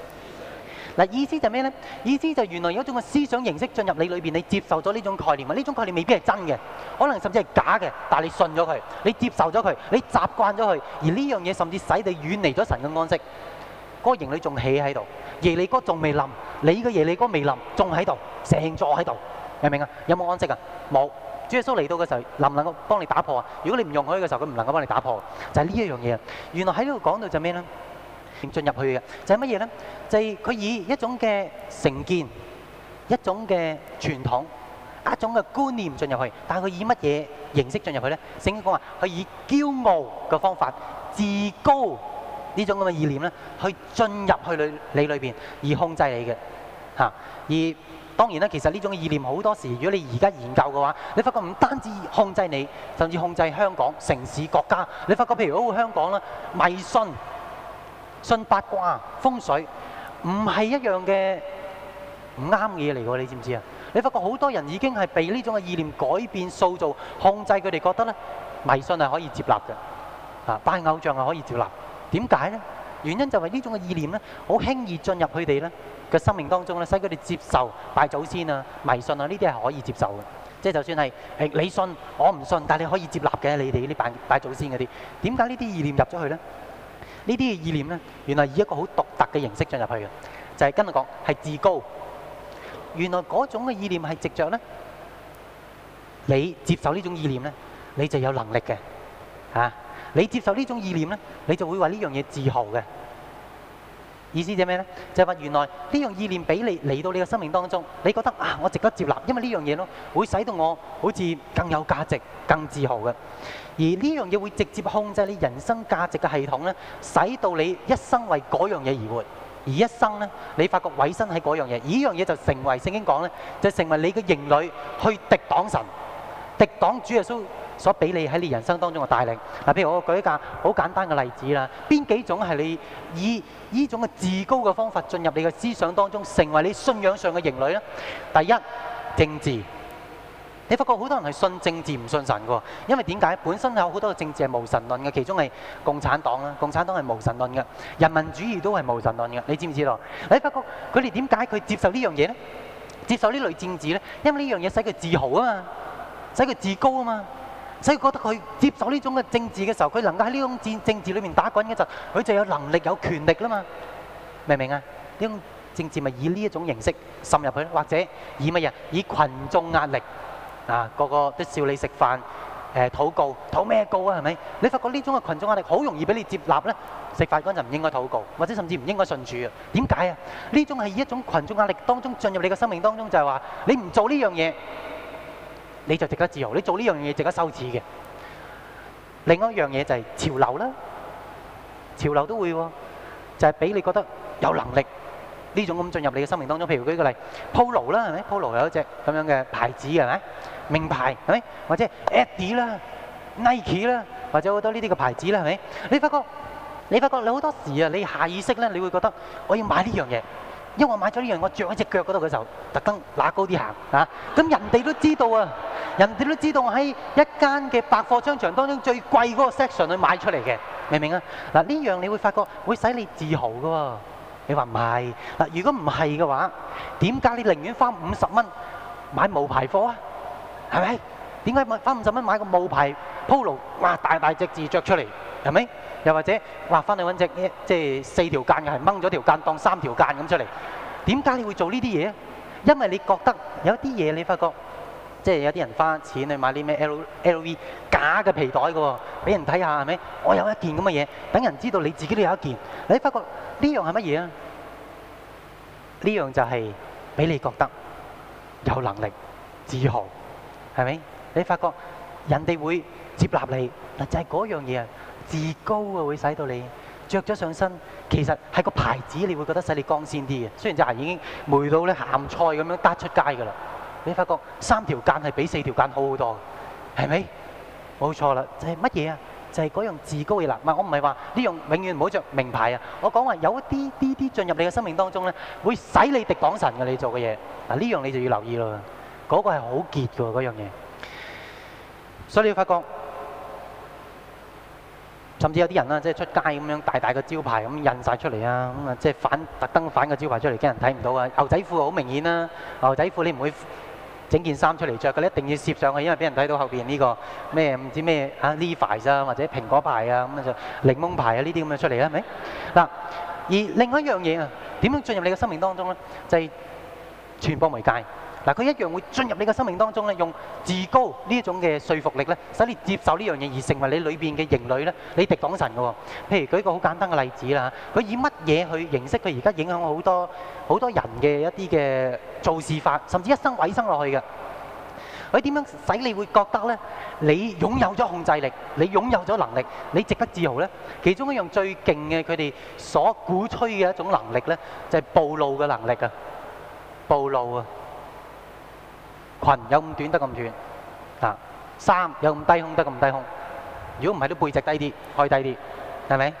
嗱，意思就咩呢？意思就係原來有一種嘅思想形式進入你裏邊，你接受咗呢種概念啊！呢種概念未必係真嘅，可能甚至係假嘅，但係你信咗佢，你接受咗佢，你習慣咗佢，而呢樣嘢甚至使你遠離咗神嘅安息。嗰、嗰個營裏仲起喺度，耶利哥仲未冧，你嘅耶利哥未冧，仲喺度，成座喺度，明唔明啊？有冇安息啊？冇。主耶穌嚟到嘅時候，能唔能夠幫你打破啊？如果你唔用佢嘅時候，佢唔能夠幫你打破。就係呢一樣嘢。原來喺呢度講到就咩呢？進入去嘅就係乜嘢呢？就係、是、佢以一種嘅成見、一種嘅傳統、一種嘅觀念進入去，但係佢以乜嘢形式進入去呢？聖經講話，佢以驕傲嘅方法、自高呢種咁嘅意念呢，去進入去你你裏邊而控制你嘅吓、啊。而當然咧，其實呢種意念好多時，如果你而家研究嘅話，你發覺唔單止控制你，甚至控制香港、城市、國家。你發覺譬如好香港啦，迷信。信八卦、風水，唔係一樣嘅唔啱嘅嘢嚟嘅喎，你知唔知啊？你發覺好多人已經係被呢種嘅意念改變、塑造、控制，佢哋覺得咧迷信係可以接納嘅，啊拜偶像係可以接納，點解咧？原因就係呢種嘅意念咧，好輕易進入佢哋咧嘅生命當中咧，使佢哋接受拜祖先啊、迷信啊呢啲係可以接受嘅，即係就算係誒你信我唔信，但係你可以接納嘅，你哋呢啲拜拜祖先嗰啲，點解呢啲意念入咗去咧？呢啲嘅意念咧，原來以一個好獨特嘅形式進入去嘅，就係、是、跟你講係自高。原來嗰種嘅意念係直着咧，你接受呢種意念咧，你就有能力嘅，嚇、啊！你接受呢種意念咧，你就會話呢樣嘢自豪嘅。意思就咩咧？就係話原來呢樣意念俾你嚟到你嘅生命當中，你覺得啊，我值得接納，因為呢樣嘢咯，會使到我好似更有價值、更自豪嘅。而呢樣嘢會直接控制你人生價值嘅系統咧，使到你一生為嗰樣嘢而活，而一生咧，你發覺委身喺嗰樣嘢，而呢樣嘢就成為聖經講咧，就成為你嘅營壘去敵擋神、敵擋主耶穌。所俾你喺你人生當中嘅帶領，嗱，譬如我舉一間好簡單嘅例子啦，邊幾種係你以呢種嘅至高嘅方法進入你嘅思想當中，成為你信仰上嘅型類咧？第一，政治。你發覺好多人係信政治唔信神嘅，因為點解？本身有好多嘅政治係無神論嘅，其中係共產黨啦，共產黨係無神論嘅，人民主義都係無神論嘅，你知唔知道？你發覺佢哋點解佢接受呢樣嘢咧？接受呢類政治咧？因為呢樣嘢使佢自豪啊嘛，使佢自高啊嘛。所以覺得佢接受呢種嘅政治嘅時候，佢能夠喺呢種政政治裏面打滾嘅時候，佢就有能力有權力啦嘛，明唔明啊？呢種政治咪以呢一種形式滲入去，或者以乜嘢？以群眾壓力啊，個個都笑你食飯誒，禱告、欸、禱咩告啊？係咪？你發覺呢種嘅群眾壓力好容易俾你接納咧？食飯嗰陣唔應該禱告，或者甚至唔應該信主啊？點解啊？呢種係以一種群眾壓力當中進入你嘅生命當中就，就係話你唔做呢樣嘢。你就值得自豪，你做呢樣嘢值得羞恥嘅。另外一樣嘢就係潮流啦，潮流都會喎，就係俾你覺得有能力呢種咁進入你嘅生命當中。譬如舉個例，Polo 啦，係咪？Polo 有一隻咁樣嘅牌子嘅，係咪？名牌，係咪？或者 Adi 啦、Nike 啦，或者好多呢啲嘅牌子啦，係咪？你發覺，你發覺你好多時啊，你下意識咧，你會覺得我要買呢樣嘢。因為我買咗呢樣，我著喺隻腳嗰度嘅時候，特登攞高啲行吓。咁人哋都知道啊，人哋都知道我喺一間嘅百貨商場當中最貴嗰個 section 去買出嚟嘅，明唔明啊？嗱，呢樣你會發覺會使你自豪㗎喎。你話唔係？嗱，如果唔係嘅話，點解你寧願花五十蚊買冒牌貨啊？係咪？點解買花五十蚊買個冒牌 Polo，哇，大大隻字著出嚟，係咪？又或者，哇！翻去揾隻，即係四條間嘅，係掹咗條間當三條間咁出嚟。點解你會做呢啲嘢？因為你覺得有啲嘢，你發覺即係有啲人花錢去買啲咩 L LV 假嘅皮袋㗎喎，俾人睇下係咪？我有一件咁嘅嘢，等人知道你自己都有一件，你發覺呢樣係乜嘢啊？呢樣就係俾你覺得有能力、自豪，係咪？你發覺人哋會接納你，嗱就係嗰樣嘢啊！自高啊，會使到你著咗上身，其實係個牌子，你會覺得使你光鮮啲嘅。雖然隻鞋已經黴到咧鹹菜咁樣，突出街噶啦。你發覺三條間係比四條間好好多，係咪？冇錯啦，就係乜嘢啊？就係嗰樣自高嘅啦。唔係我唔係話呢樣，永遠唔好著名牌啊。我講話有一啲啲啲進入你嘅生命當中咧，會使你抵擋神嘅。你做嘅嘢嗱，呢樣你就要留意咯。嗰個係好結嘅嗰樣嘢，所以你要發覺。甚至有啲人啦，即係出街咁樣大大個招牌咁印曬出嚟啊！咁啊，即係反特登反個招牌出嚟，驚人睇唔到啊！牛仔褲好明顯啦，牛仔褲你唔會整件衫出嚟著嘅，你一定要攝上去，因為俾人睇到後邊呢個咩唔知咩啊 Levi 呢，或者蘋果牌啊，咁啊就檸檬牌啊呢啲咁樣出嚟啊，係咪？嗱，而另外一樣嘢啊，點樣進入你嘅生命當中呢？就係傳播媒介。嗱，佢一樣會進入你嘅生命當中咧，用自高呢一種嘅說服力咧，使你接受呢樣嘢而成為你裏邊嘅營壘咧，你敵擋神嘅喎。譬如舉一個好簡單嘅例子啦，佢以乜嘢去認識佢而家影響好多好多人嘅一啲嘅做事法，甚至一生委身落去嘅。佢點樣使你會覺得咧，你擁有咗控制力，你擁有咗能力，你值得自豪咧？其中一樣最勁嘅佢哋所鼓吹嘅一種能力咧，就係暴露嘅能力啊，暴露啊！裙有咁短得咁短，啊衫有咁低胸得咁低胸，如果唔係啲背脊低啲，開低啲，係咪？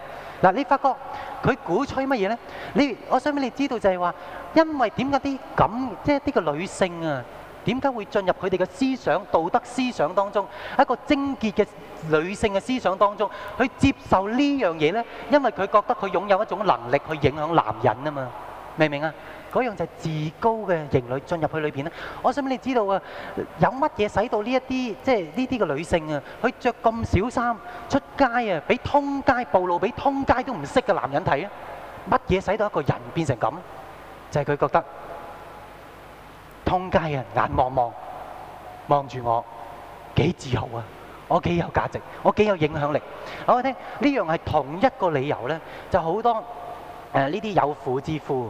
嗱，你發覺佢鼓吹乜嘢呢？你我想俾你知道就係話，因為點解啲咁即係啲個女性啊，點解會進入佢哋嘅思想道德思想當中，一個貞潔嘅女性嘅思想當中去接受呢樣嘢呢？因為佢覺得佢擁有一種能力去影響男人啊嘛，明唔明啊？嗰樣就係自高嘅型女進入去裏邊咧。我想俾你知道啊，有乜嘢使到呢一啲即係呢啲嘅女性啊，佢著咁少衫出街啊，俾通街暴露俾通街都唔識嘅男人睇啊？乜嘢使到一個人變成咁？就係佢覺得通街啊，眼望望望住我，幾自豪啊！我幾有價值，我幾有影響力。我話聽呢樣係同一個理由咧，就好多誒呢啲有婦之夫。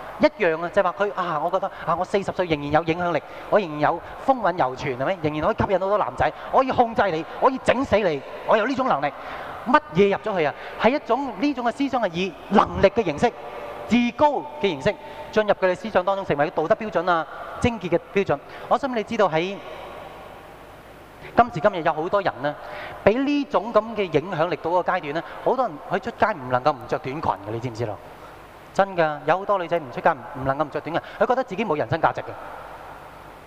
一樣啊，就係話佢啊，我覺得啊，我四十歲仍然有影響力，我仍然有風韻猶存係咪？仍然可以吸引到好多男仔，我可以控制你，我可以整死你，我有呢種能力。乜嘢入咗去啊？係一種呢種嘅思想係以能力嘅形式、至高嘅形式進入佢哋思想當中，成為道德標準啊、貞潔嘅標準。我想你知道喺今時今日有好多人咧，俾呢種咁嘅影響力到個階段咧，好多人喺出街唔能夠唔著短裙嘅，你知唔知道？真㗎，有好多女仔唔出街唔唔能夠唔著短嘅，佢覺得自己冇人生價值嘅，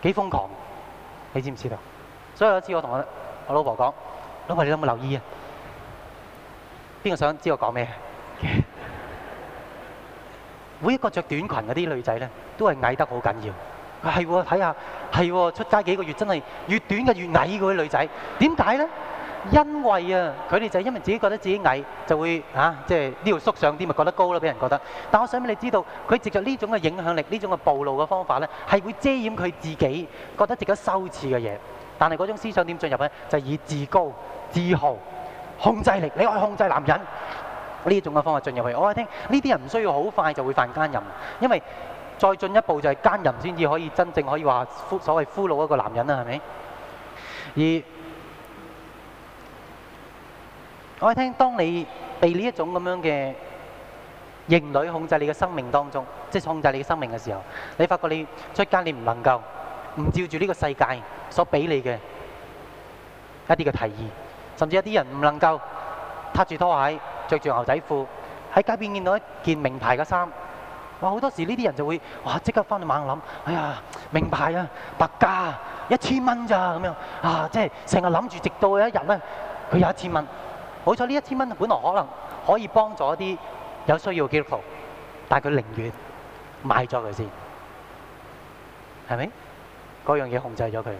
幾瘋狂，你知唔知道？所以有一次我同我我老婆講：老婆，你有冇留意啊？邊個想知道我講咩？每一個著短裙嗰啲女仔咧，都係矮得好緊要。佢係喎，睇下係喎，出街幾個月真係越短嘅越矮嗰啲女仔，點解咧？因為啊，佢哋就係因為自己覺得自己矮，就會嚇，即係呢度縮上啲，咪覺得高咯，俾人覺得。但我想俾你知道，佢藉着呢種嘅影響力，呢種嘅暴露嘅方法呢，係會遮掩佢自己覺得自己羞恥嘅嘢。但係嗰種思想點進入呢？就係、是、以自高、自豪、控制力，你可以控制男人呢種嘅方法進入去。我話聽，呢啲人唔需要好快就會犯奸淫，因為再進一步就係奸淫先至可以真正可以話俘所謂俘虜一個男人啦，係咪？而我聽，當你被呢一種咁樣嘅型類控制你嘅生命當中，即係控制你嘅生命嘅時候，你發覺你出街你唔能夠唔照住呢個世界所俾你嘅一啲嘅提議，甚至一啲人唔能夠撻住拖鞋著住牛仔褲喺街邊見到一件名牌嘅衫，哇！好多時呢啲人就會哇即刻翻去猛諗，哎呀名牌啊，特價一千蚊咋咁樣啊！即係成日諗住，直到有一日咧，佢有一千蚊。好彩呢一千蚊本來可能可以幫助一啲有需要嘅基督徒，但係佢寧願買咗佢先，係咪？嗰樣嘢控制咗佢。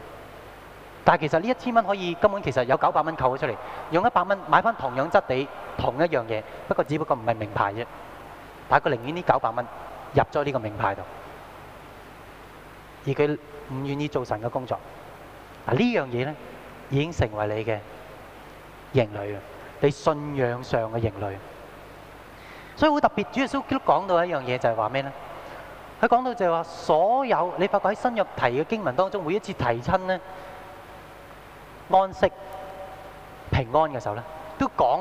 但係其實呢一千蚊可以根本其實有九百蚊扣咗出嚟，用一百蚊買翻同樣質地同一樣嘢，不過只不過唔係名牌啫。但係佢寧願呢九百蚊入咗呢個名牌度，而佢唔願意做神嘅工作。嗱，呢樣嘢咧，已經成為你嘅營累啊！你信仰上嘅邪類，所以好特別。主耶穌都講到一樣嘢，就係話咩咧？佢講到就係話，所有你發覺喺新約提嘅經文當中，每一次提親咧，安息平安嘅時候咧，都講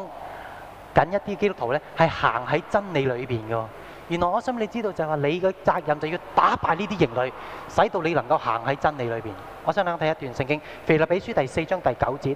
緊一啲基督徒咧係行喺真理裏邊嘅。原來我想你知道就係話，你嘅責任就要打敗呢啲邪類，使到你能夠行喺真理裏邊。我想睇一段聖經，《腓立比書》第四章第九節。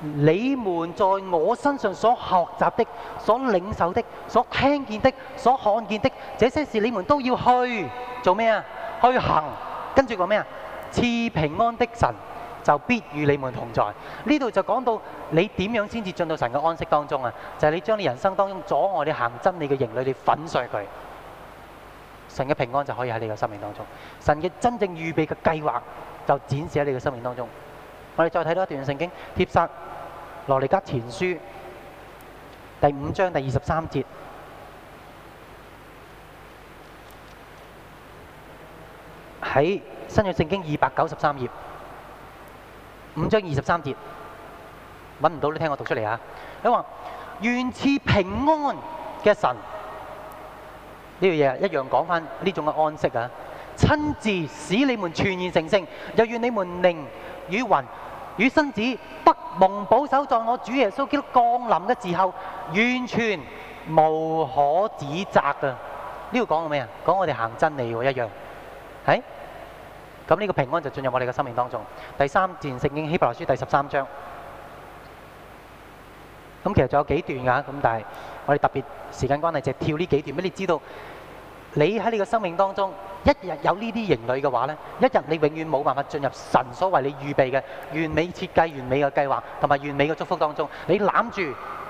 你們在我身上所學習的、所領受的、所聽見的、所看見的，這些事，你們都要去做咩啊？去行，跟住講咩啊？賜平安的神就必與你們同在。呢度就講到你點樣先至進到神嘅安息當中啊？就係、是、你將你人生當中阻礙你行真理、你嘅營壘，你粉碎佢，神嘅平安就可以喺你嘅生命當中，神嘅真正預備嘅計劃就展示喺你嘅生命當中。我哋再睇多一段聖經，帖撒。羅利加前書第五章第二十三節，喺新約聖經二百九十三頁，五章二十三節，搵唔到，你聽我讀出嚟啊！你話，願賜平安嘅神，呢樣嘢，這個、一樣講翻呢種嘅安息啊！親自使你們全然成聖，又願你們靈與魂與身子得，蒙保守在我主耶穌基督降臨嘅時候，完全無可指責噶。呢度講到咩啊？講我哋行真理喎，一樣。係，咁呢個平安就進入我哋嘅生命當中。第三段聖經希伯來書第十三章。咁其實仲有幾段噶，咁但係我哋特別時間關係，就跳呢幾段俾你知道。你喺你個生命當中，一日有呢啲型類嘅話，一日你永遠冇辦法進入神所為你預備嘅完美設計、完美嘅計劃同埋完美嘅祝福當中。你攬住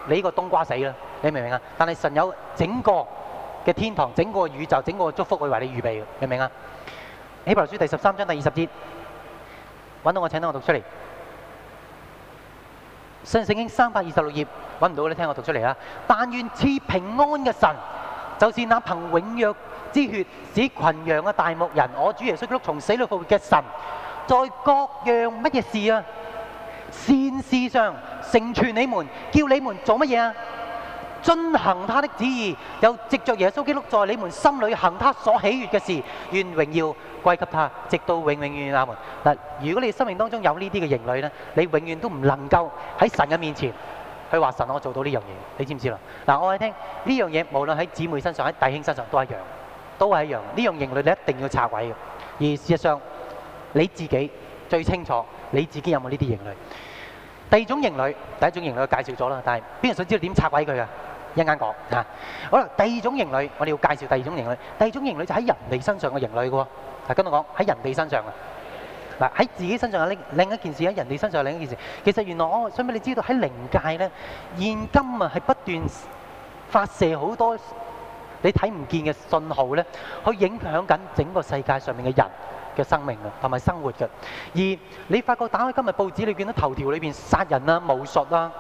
你呢個冬瓜死啦，你明唔明啊？但係神有整個嘅天堂、整個宇宙、整個祝福會為你預備嘅，明唔明啊？希伯來書第十三章第二十節，揾到我請到我讀出嚟。新聖經三百二十六頁，揾唔到你聽我讀出嚟啊！但願賜平安嘅神，就是那憑永約。之血使群羊嘅大牧人，我主耶穌基督從死裏復活嘅神，在各樣乜嘢事啊善事上成全你們，叫你們做乜嘢啊？遵行他的旨意，又藉着耶穌基督在你們心裏行他所喜悅嘅事，願榮耀歸給他，直到永永遠遠阿門。嗱，如果你生命當中有呢啲嘅營壘咧，你永遠都唔能夠喺神嘅面前去話神我做到呢樣嘢，你知唔知啦？嗱，我喺聽呢樣嘢，無論喺姊妹身上，喺弟兄身上都一樣。都係一樣，呢樣營壘你一定要拆毀嘅。而事實上，你自己最清楚你自己有冇呢啲營壘。第二種營壘，第一種營壘介紹咗啦，但係邊個想知道點拆毀佢啊？一陣講吓。好啦，第二種營壘，我哋要介紹第二種營壘。第二種營壘就喺人哋身上嘅營壘嘅喎。嗱，跟我講喺人哋身上嘅。嗱，喺自己身上有另另一件事，喺人哋身上有另一件事。其實原來我想俾你知道喺靈界咧，現今啊係不斷發射好多。你睇唔見嘅信號咧，去影響緊整個世界上面嘅人嘅生命啊，同埋生活嘅。而你發覺打開今日報紙，你見到頭條裏邊殺人啊、巫術啊、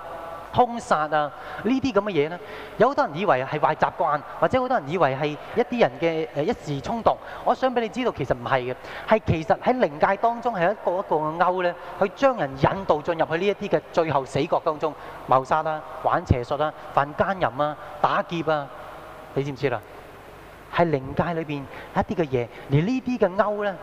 兇殺啊呢啲咁嘅嘢呢，有好多人以為係壞習慣，或者好多人以為係一啲人嘅誒一時衝動。我想俾你知道，其實唔係嘅，係其實喺靈界當中係一個一個嘅勾咧，去將人引導進入去呢一啲嘅最後死角當中，謀殺啊、玩邪術啊、犯奸淫啊、打劫啊。你知唔知啦？喺靈界裏邊一啲嘅嘢，而呢啲嘅勾咧，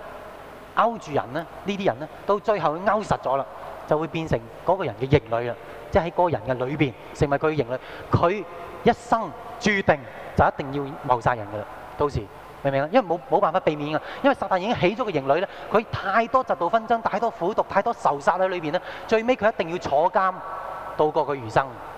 勾住人咧，呢啲人咧，到最後佢勾實咗啦，就會變成嗰個人嘅逆女啦。即係喺嗰個人嘅裏邊，成為佢嘅逆女，佢一生註定就一定要謀殺人噶啦。到時明唔明啊？因為冇冇辦法避免噶，因為撒旦已經起咗個逆女咧，佢太多嫉妒紛爭，太多苦毒，太多仇殺喺裏邊咧。最尾佢一定要坐監度過佢餘生。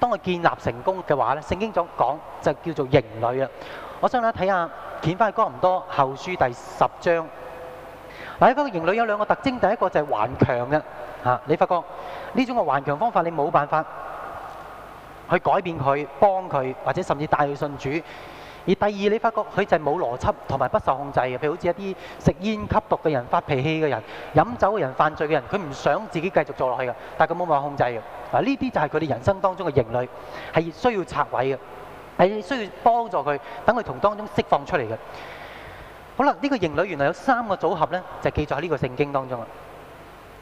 當佢建立成功嘅話咧，聖經所講就叫做營壘啊！我想咧睇下，掀翻去哥林多後書第十章。嗱，呢個營壘有兩個特徵，第一個就係頑強嘅嚇。你發覺呢種嘅頑強方法，你冇辦法去改變佢、幫佢，或者甚至帶佢信主。而第二，你發覺佢就係冇邏輯同埋不受控制嘅，譬如好似一啲食煙吸毒嘅人、發脾氣嘅人、飲酒嘅人、犯罪嘅人，佢唔想自己繼續做落去嘅，但係佢冇辦法控制嘅。嗱，呢啲就係佢哋人生當中嘅型類，係需要拆毀嘅，係需要幫助佢，等佢從當中釋放出嚟嘅。好啦，呢個型類原來有三個組合咧，就記載喺呢個聖經當中啦。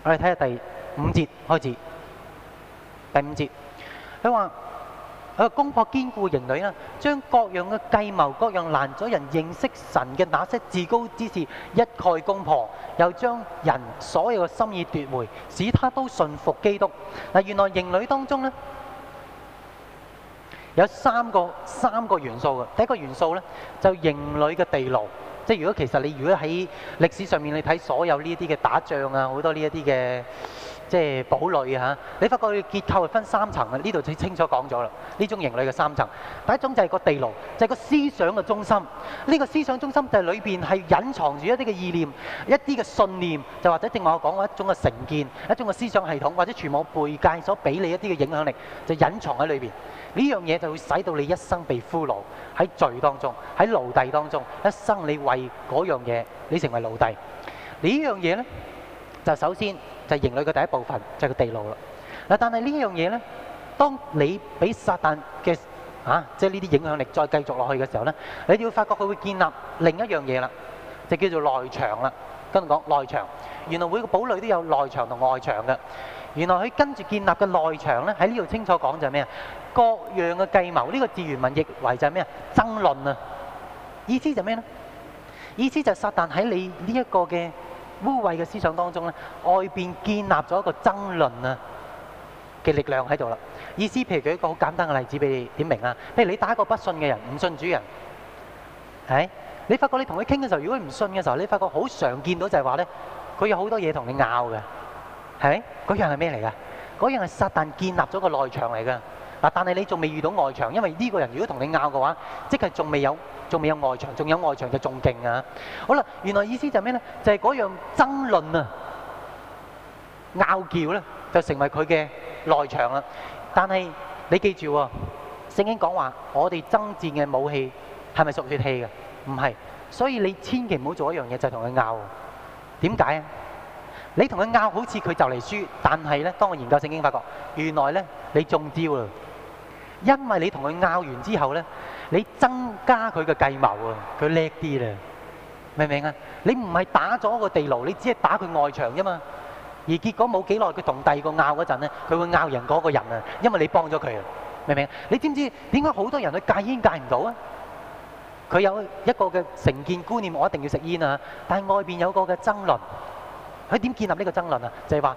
我哋睇下第五節開始，第五節，佢話。佢攻破堅固營壘啦，將各樣嘅計謀、各樣攔阻人認識神嘅那些自高之事一概攻破，又將人所有嘅心意奪回，使他都順服基督。嗱，原來營壘當中咧，有三個三個元素嘅。第一個元素咧，就營壘嘅地牢，即係如果其實你如果喺歷史上面你睇所有呢一啲嘅打仗啊，好多呢一啲嘅。即係堡壘嚇，你發覺佢結構係分三層嘅，呢度最清楚講咗啦。呢種型類嘅三層，第一種就係個地牢，就係個思想嘅中心。呢個思想中心就係裏邊係隱藏住一啲嘅意念、一啲嘅信念，就或者正話我講過一種嘅成見、一種嘅思想系統，或者全部背界所俾你一啲嘅影響力，就隱藏喺裏邊。呢樣嘢就會使到你一生被俘虜喺罪當中，喺奴隸當中，一生你為嗰樣嘢，你成為奴隸。呢樣嘢呢，就首先。就係營壘嘅第一部分，就係個地牢啦。嗱，但係呢樣嘢咧，當你俾撒但嘅啊，即係呢啲影響力再繼續落去嘅時候咧，你會發覺佢會建立另一樣嘢啦，就叫做內牆啦。跟住講內牆，原來每個堡壘都有內牆同外牆嘅。原來佢跟住建立嘅內牆咧，喺呢度清楚講就係咩啊？各樣嘅計謀，呢個字原文意為就係咩啊？爭論啊！意思就係咩咧？意思就係撒但喺你呢一個嘅污穢嘅思想當中咧，外邊建立咗一個爭論啊嘅力量喺度啦。意思譬如舉一個好簡單嘅例子俾你點明啊，譬如你打一個不信嘅人，唔信主人，係，你發覺你同佢傾嘅時候，如果唔信嘅時候，你發覺好常見到就係話咧，佢有好多嘢同你拗嘅，係，嗰樣係咩嚟噶？嗰樣係撒旦建立咗個內牆嚟噶。嗱，但係你仲未遇到外場，因為呢個人如果同你拗嘅話，即係仲未有，仲未有外場，仲有外場就仲勁啊！好啦，原來意思就係咩咧？就係嗰樣爭論啊、拗撬咧，就成為佢嘅內場啦。但係你記住喎，聖經講話，我哋爭戰嘅武器係咪屬血氣嘅？唔係，所以你千祈唔好做一樣嘢，就係同佢拗。點解？你同佢拗，好似佢就嚟輸，但係咧，當我研究聖經，發覺原來咧，你中招啦。因為你同佢拗完之後呢，你增加佢嘅計謀啊，佢叻啲啦，明唔明啊？你唔係打咗個地牢，你只係打佢外牆啫嘛。而結果冇幾耐，佢同第二個拗嗰陣呢，佢會拗人嗰個人啊，因為你幫咗佢啊，明唔明？你知唔知點解好多人去戒煙戒唔到啊？佢有一個嘅成見觀念，我一定要食煙啊。但係外邊有個嘅爭論，佢點建立呢個爭論啊？就係話。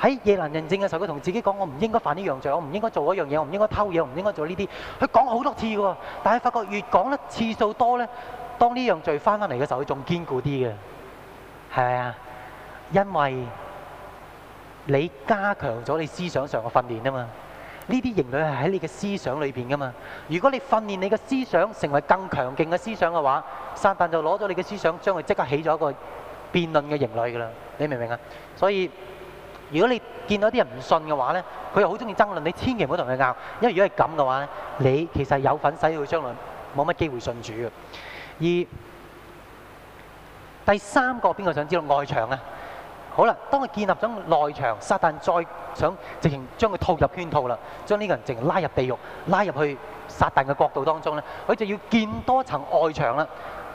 喺夜闌人靜嘅時候，佢同自己講：我唔應該犯呢樣罪，我唔應該做嗰樣嘢，我唔應該偷嘢，我唔應該做呢啲。佢講好多次喎，但係發覺越講得次數多呢，當呢樣罪翻翻嚟嘅時候，佢仲堅固啲嘅，係咪啊？因為你加強咗你思想上嘅訓練啊嘛。呢啲營壘係喺你嘅思想裏邊噶嘛。如果你訓練你嘅思想成為更強勁嘅思想嘅話，撒但就攞咗你嘅思想，將佢即刻起咗一個辯論嘅營壘噶啦。你明唔明啊？所以。如果你見到啲人唔信嘅話咧，佢又好中意爭論，你千祈唔好同佢拗，因為如果係咁嘅話咧，你其實有份使到佢將來冇乜機會信主嘅。而第三個邊個想知道外牆啊？好啦，當佢建立咗內牆，撒旦再想直情將佢套入圈套啦，將呢個人直情拉入地獄，拉入去撒旦嘅國度當中咧，佢就要建多層外牆啦。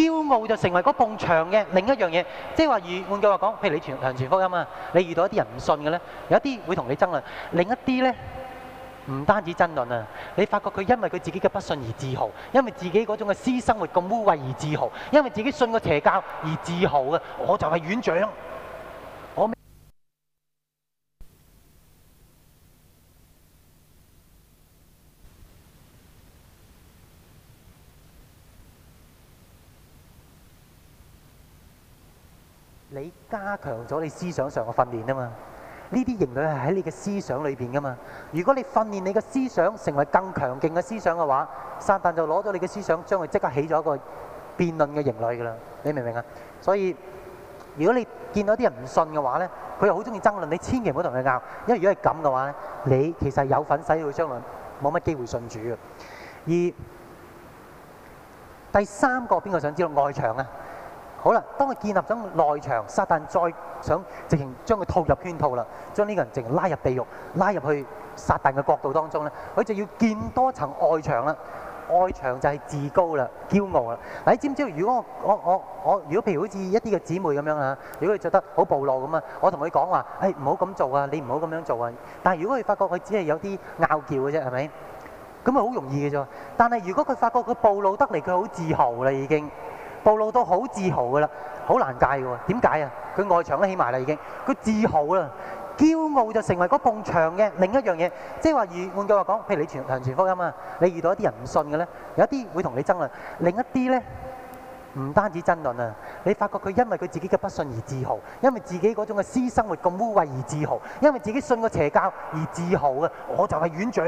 驕傲就成為嗰埲牆嘅另一樣嘢，即係話如換句話講，譬如你傳你傳福音啊，你遇到一啲人唔信嘅呢，有一啲會同你爭論，另一啲呢唔單止爭論啊，你發覺佢因為佢自己嘅不信而自豪，因為自己嗰種嘅私生活咁污穢而自豪，因為自己信個邪教而自豪嘅，我就係院長。加強咗你思想上嘅訓練啊嘛，呢啲營養係喺你嘅思想裏邊噶嘛。如果你訓練你嘅思想成為更強勁嘅思想嘅話，撒但就攞咗你嘅思想，將佢即刻起咗一個辯論嘅營養噶啦。你明唔明啊？所以如果你見到啲人唔信嘅話咧，佢又好中意爭論，你千祈唔好同佢拗，因為如果係咁嘅話咧，你其實有份使到佢將來，冇乜機會信主嘅。而第三個邊個想知道外牆啊？好啦，當佢建立咗內牆，撒但再想直情將佢套入圈套啦，將呢個人直情拉入地獄，拉入去撒但嘅國度當中啦，佢就要建多層外牆啦。外牆就係自高啦，驕傲啦。你知唔知？如果我我我我，如果譬如好似一啲嘅姊妹咁樣嚇，如果佢著得好暴露咁啊，我同佢講話，誒唔好咁做啊，你唔好咁樣做啊。但係如果佢發覺佢只係有啲拗撬嘅啫，係咪？咁啊好容易嘅啫。但係如果佢發覺佢暴露得嚟，佢好自豪啦，已經。暴露到好自豪噶啦，好難戒喎。點解啊？佢外牆都起埋啦，已經。佢自豪啦，驕傲就成為嗰埲牆嘅另一樣嘢。即係話，如換句話講，譬如你傳傳福音啊，你遇到一啲人唔信嘅咧，有一啲會同你爭論啊，另一啲咧唔單止爭論啊，你發覺佢因為佢自己嘅不信而自豪，因為自己嗰種嘅私生活咁污穢而自豪，因為自己信個邪教而自豪啊！我就係院長，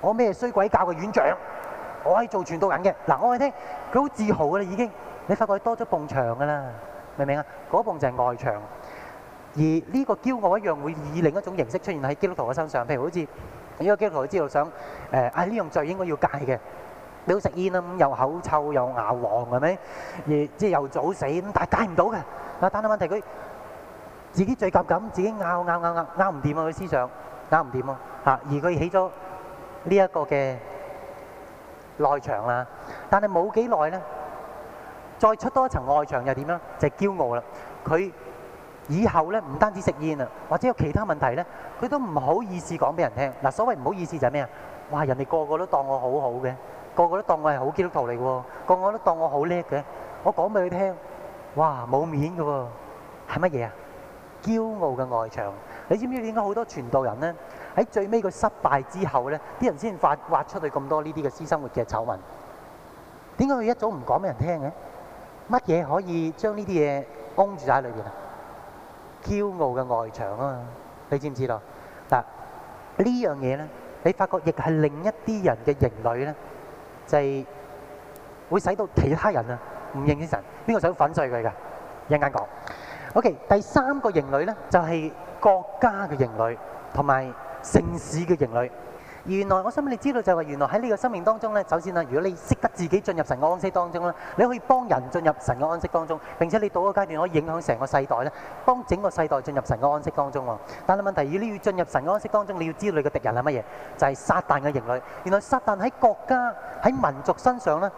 我咩衰鬼教嘅院長。我係做傳道人嘅，嗱，我去聽佢好自豪嘅啦，已經你發覺佢多咗埲牆嘅啦，明唔明啊？嗰埲就係外牆。而呢個驕傲一樣會以另一種形式出現喺基督徒嘅身上，譬如好似呢個基督徒知道想誒，啊呢樣罪應該要戒嘅，你好食煙啦，咁又口臭又牙黃係咪？而即係又早死咁，但係戒唔到嘅。啊，但係問題佢自己罪慾咁，自己拗拗拗拗拗唔掂啊，佢思想拗唔掂啊，嚇！而佢起咗呢一個嘅。內牆啦，但係冇幾耐咧，再出多一層外牆又點啦？就係驕傲啦！佢以後咧唔單止食煙啊，或者有其他問題咧，佢都唔好意思講俾人聽。嗱，所謂唔好意思就係咩啊？哇！人哋個個都當我好好嘅，個個都當我係好基督徒嚟喎，個個都當我好叻嘅。我講俾佢聽，哇！冇面㗎喎，係乜嘢啊？驕傲嘅外牆。你知唔知點解好多傳道人咧？喺最尾佢失敗之後咧，啲人先發掘出佢咁多呢啲嘅私生活嘅醜聞。點解佢一早唔講俾人聽嘅？乜嘢可以將呢啲嘢封住晒喺裏邊啊？驕傲嘅外牆啊嘛，你知唔知道？嗱，呢樣嘢咧，你發覺亦係另一啲人嘅營壘咧，就係會使到其他人啊唔認識神。邊個想粉碎佢㗎？一陣間講。OK，第三個營壘咧，就係國家嘅營壘同埋。城市嘅營旅，原來我想俾你知道就係話原來喺呢個生命當中呢。首先啊，如果你識得自己進入神嘅安息當中呢，你可以幫人進入神嘅安息當中，並且你到嗰階段可以影響成個世代呢，幫整個世代進入神嘅安息當中。但係問題是，如果你要進入神嘅安息當中，你要知道你嘅敵人係乜嘢？就係、是、撒旦嘅營旅。原來撒旦喺國家、喺民族身上呢，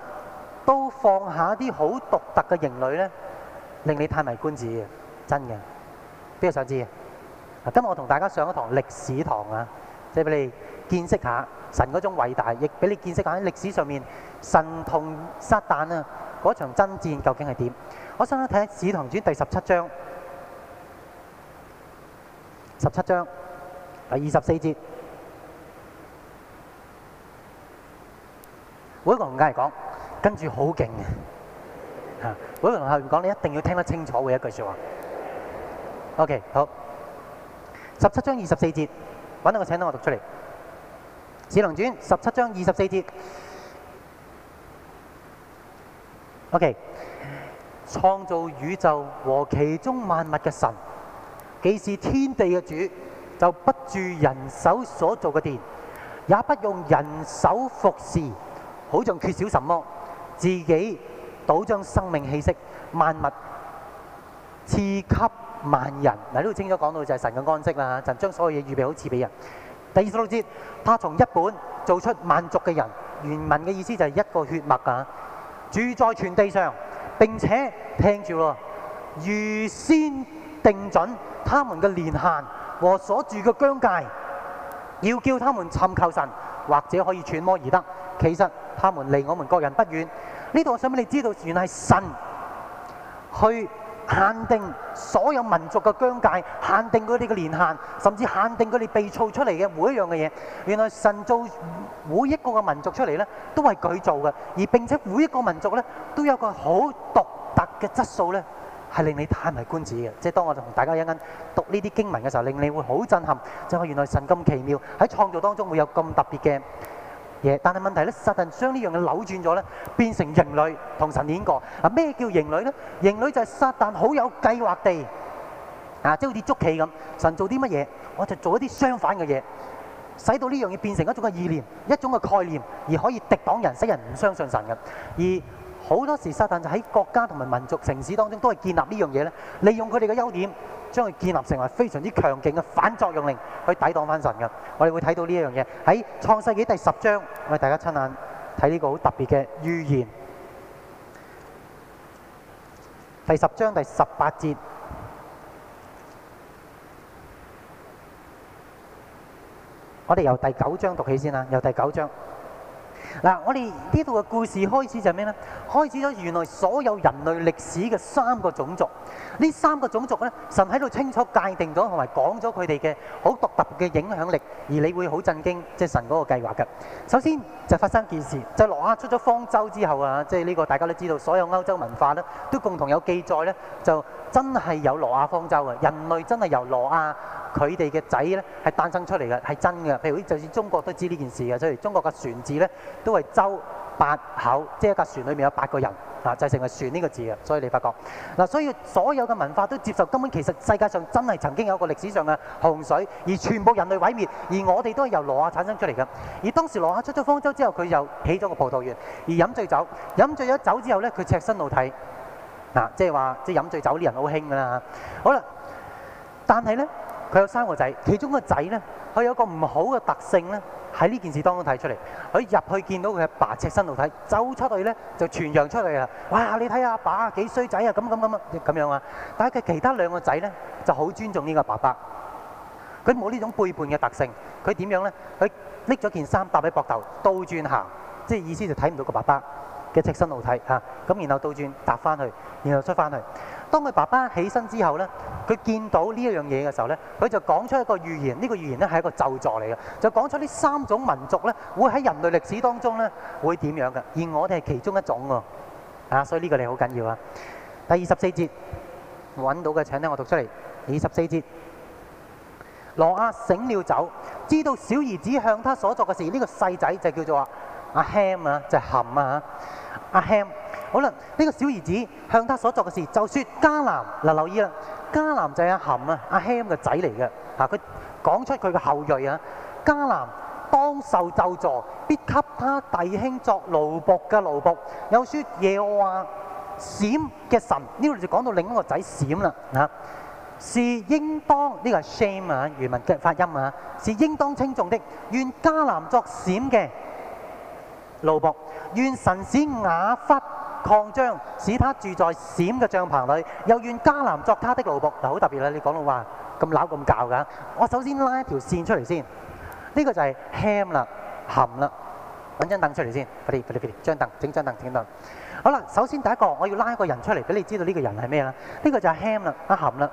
都放下啲好獨特嘅營旅呢，令你歎為觀止嘅，真嘅。邊個想知？今日我同大家上一堂歷史堂啊，即係俾你見識下神嗰種偉大，亦俾你見識下喺歷史上面神同撒旦啊嗰場爭戰究竟係點？我想睇下《史堂傳》第十七章，十七章第二十四節。每一個人嚟講，跟住好勁啊！每一個人嚟講，你一定要聽得清楚嘅一句說話。OK，好。十七章二十四節，揾到個請單，我讀出嚟。《使徒行傳》十七章二十四節，O.K. 創造宇宙和其中萬物嘅神，既是天地嘅主，就不住人手所造嘅殿，也不用人手服侍，好像缺少什麼，自己倒將生命氣息萬物賜給。刺萬人嗱，呢度清楚講到就係神嘅安息啦，就將所有嘢預備好賜俾人。第二十六節，他從一本造出萬族嘅人，原文嘅意思就係一個血脈噶，住在全地上，並且聽住咯，預先定準他們嘅年限和所住嘅疆界，要叫他們尋求神或者可以揣摩而得。其實他們離我們各人不遠。呢度我想俾你知道，原來係神去。限定所有民族嘅疆界，限定佢哋嘅年限，甚至限定佢哋被造出嚟嘅每一樣嘅嘢。原來神造每一個嘅民族出嚟咧，都係佢做嘅，而並且每一個民族咧，都有一個好獨特嘅質素咧，係令你嘆為觀止嘅。即係當我同大家一齊讀呢啲經文嘅時候，令你會好震撼。就係原來神咁奇妙喺創造當中會有咁特別嘅嘢，但係問題咧，撒旦將呢樣嘢扭轉咗咧，變成形類同神演過啊，咩叫形類呢？形類就係撒旦好有計劃地啊，即係好似捉棋咁。神做啲乜嘢，我就做一啲相反嘅嘢，使到呢樣嘢變成一種嘅意念，一種嘅概念，而可以敵擋人，使人唔相信神嘅。而好多時撒旦就喺國家同埋民族、城市當中都係建立呢樣嘢咧，利用佢哋嘅優點。將佢建立成為非常之強勁嘅反作用力，去抵擋翻神嘅。我哋會睇到呢一樣嘢喺創世紀第十章，我哋大家親眼睇呢個好特別嘅預言。第十章第十八節，我哋由第九章讀起先啦，由第九章。嗱，我哋呢度嘅故事開始就係咩呢？開始咗原來所有人類歷史嘅三個種族，呢三個種族咧，神喺度清楚界定咗同埋講咗佢哋嘅好獨特嘅影響力，而你會好震驚，即係神嗰個計劃嘅。首先就發生件事，就挪亞出咗方舟之後啊，即係呢個大家都知道，所有歐洲文化咧都共同有記載咧，就。真係有挪亞方舟嘅，人類真係由挪亞佢哋嘅仔呢係誕生出嚟嘅，係真嘅。譬如就算中國都知呢件事嘅，所以中國嘅船字呢都係舟八口，即係一架船裏面有八個人啊，製成個船呢個字嘅。所以你發覺嗱、啊，所以所有嘅文化都接受根本其實世界上真係曾經有個歷史上嘅洪水，而全部人類毀滅，而我哋都係由挪亞產生出嚟嘅。而當時挪亞出咗方舟之後，佢又起咗個葡萄園，而飲醉酒，飲醉咗酒之後呢，佢赤身露體。嗱，即係話，即係飲醉酒啲人好興㗎啦。好啦，但係咧，佢有三個仔，其中個仔咧，佢有個唔好嘅特性咧，喺呢件事當中睇出嚟。佢入去見到佢阿爸赤身度睇，走出去咧就傳揚出嚟啦。哇！你睇阿爸幾衰仔啊，咁咁咁啊，咁樣啊。但係佢其他兩個仔咧就好尊重呢個爸爸，佢冇呢種背叛嘅特性。佢點樣咧？佢拎咗件衫搭喺膊頭，倒轉行，即係意思就睇唔到個爸爸。嘅赤身露體嚇，咁、啊、然後倒轉搭翻去，然後出翻去。當佢爸爸起身之後咧，佢見到呢一樣嘢嘅時候咧，佢就講出一個預言。呢、這個預言咧係一個咒詛嚟嘅，就講出呢三種民族咧會喺人類歷史當中咧會點樣嘅，而我哋係其中一種喎。啊，所以呢個你好緊要啊。第二十四節揾到嘅請聽我讀出嚟。二十四節，挪亞醒了酒，知道小兒子向他所作嘅事。呢、這個細仔就叫做啊阿 Ham 啊，就是含啊。阿含，ah、em, 好啦，呢、這個小兒子向他所作嘅事，就説迦南，嗱留意啦，迦南就係阿含、ah、啊，阿含嘅仔嚟嘅，啊佢講出佢嘅後裔啊，迦南當受咒詛，必給他弟兄作奴僕嘅奴僕，又説耶和華閃嘅神，呢度就講到另一個仔閃啦，啊是應當呢、這個係 shame 啊，漁民嘅發音啊，是應當稱頌的，願迦南作閃嘅。奴僕，願神使雅弗擴張，使他住在閃嘅帳棚裏，又願迦南作他的奴僕。嗱，好特別啦！你講到話咁撈咁搞㗎。我首先拉一條線出嚟先，呢、這個就係 ham 啦、含啦。揾張凳出嚟先，快啲快啲快啲！張凳整張凳整凳。好啦，首先第一個，我要拉一個人出嚟，俾你知道呢個人係咩啦？呢、這個就係 ham 啦、含啦。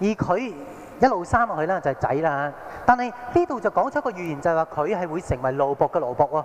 而佢一路生落去啦，就係仔啦。但係呢度就講出一個預言，就係話佢係會成為奴僕嘅奴僕喎。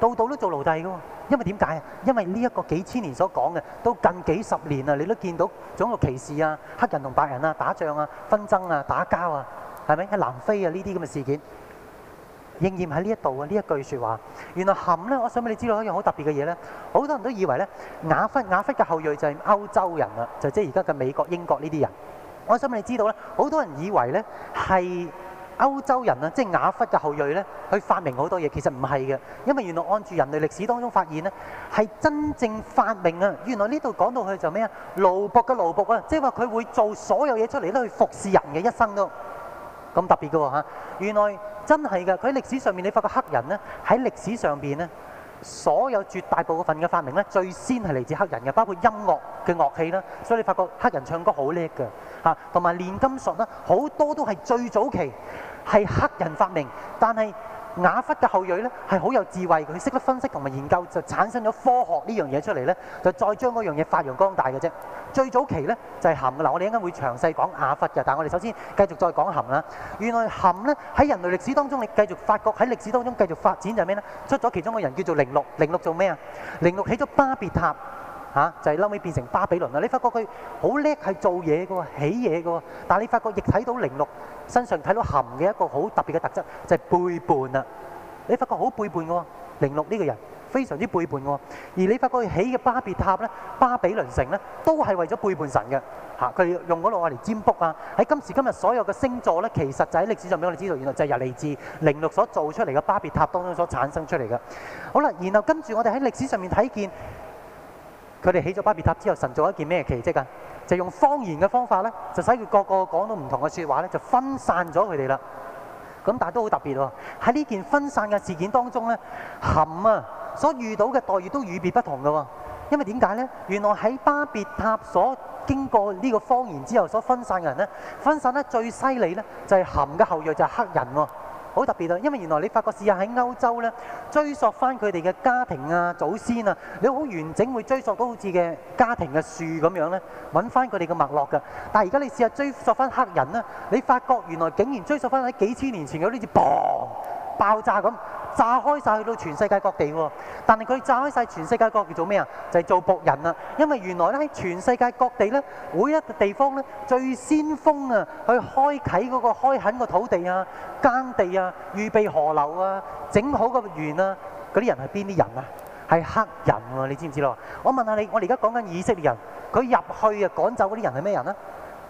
到到都做奴隸噶喎，因為點解啊？因為呢一個幾千年所講嘅，都近幾十年啊，你都見到種族歧視啊、黑人同白人啊、打仗啊、紛爭啊、打交啊，係咪？喺南非啊，呢啲咁嘅事件，應驗喺呢一度啊，呢一句説話。原來含咧，我想俾你知道一樣好特別嘅嘢咧。好多人都以為咧，雅弗雅弗嘅後裔就係歐洲人啊，就即係而家嘅美國、英國呢啲人。我想俾你知道咧，好多人以為咧係。歐洲人啊，即係雅弗嘅後裔呢去發明好多嘢，其實唔係嘅，因為原來按住人類歷史當中發現呢係真正發明啊！原來呢度講到去就咩啊？奴僕嘅奴僕啊，即係話佢會做所有嘢出嚟都去服侍人嘅，一生都咁特別嘅喎、啊、原來真係嘅，佢喺歷史上面你發覺黑人呢，喺歷史上邊呢，所有絕大部分嘅發明呢，最先係嚟自黑人嘅，包括音樂嘅樂器啦、啊，所以你發覺黑人唱歌好叻嘅嚇，同埋煉金術呢，好多都係最早期。係黑人發明，但係雅弗嘅後裔呢，係好有智慧的，佢識得分析同埋研究，就產生咗科學呢樣嘢出嚟呢，就再將嗰樣嘢發揚光大嘅啫。最早期呢，就係、是、含嘅，嗱，我哋應該會詳細講雅弗嘅，但係我哋首先繼續再講含啦。原來含呢，喺人類歷史當中，你繼續發覺喺歷史當中繼續發展就係咩呢？出咗其中個人叫做寧錄，寧錄做咩啊？寧錄起咗巴別塔。嚇，就係後尾變成巴比倫啦！你發覺佢好叻，係做嘢嘅喎，起嘢嘅喎。但係你發覺亦睇到寧錄身上睇到含嘅一個好特別嘅特質，就係背叛啦！你發覺好背叛嘅喎，寧錄呢個人非常之背叛喎。而你發覺佢起嘅巴別塔咧、巴比倫城咧，都係為咗背叛神嘅嚇。佢用嗰個愛嚟占卜啊！喺今時今日所有嘅星座咧，其實就喺歷史上面俾我哋知道，原來就係嚟自寧錄所做出嚟嘅巴別塔當中所產生出嚟嘅。好啦，然後跟住我哋喺歷史上面睇見。佢哋起咗巴別塔之後，神做一件咩奇蹟啊？就用方言嘅方法咧，就使佢個個講到唔同嘅説話咧，就分散咗佢哋啦。咁但係都好特別喎。喺呢件分散嘅事件當中咧，含啊所遇到嘅待遇都與別不同嘅喎。因為點解咧？原來喺巴別塔所經過呢個方言之後，所分散嘅人咧，分散得最犀利咧，就係含嘅後裔就係黑人喎。好特別啊！因為原來你發覺試下喺歐洲咧，追溯翻佢哋嘅家庭啊、祖先啊，你好完整會追溯到好似嘅家庭嘅樹咁樣咧，搵翻佢哋嘅脈絡嘅。但係而家你試下追溯翻黑人咧，你發覺原來竟然追溯翻喺幾千年前有啲似砰爆炸咁。炸開晒去到全世界各地喎，但係佢炸開晒全世界各地做咩啊？就係、是、做僕人啦，因為原來咧喺全世界各地咧，每一個地方咧最先鋒啊，去開啓嗰個開墾個土地啊、耕地啊、預備河流啊、整好個園啊，嗰啲人係邊啲人啊？係黑人喎，你知唔知咯？我問下你，我哋而家講緊以色列人，佢入去啊趕走嗰啲人係咩人啊？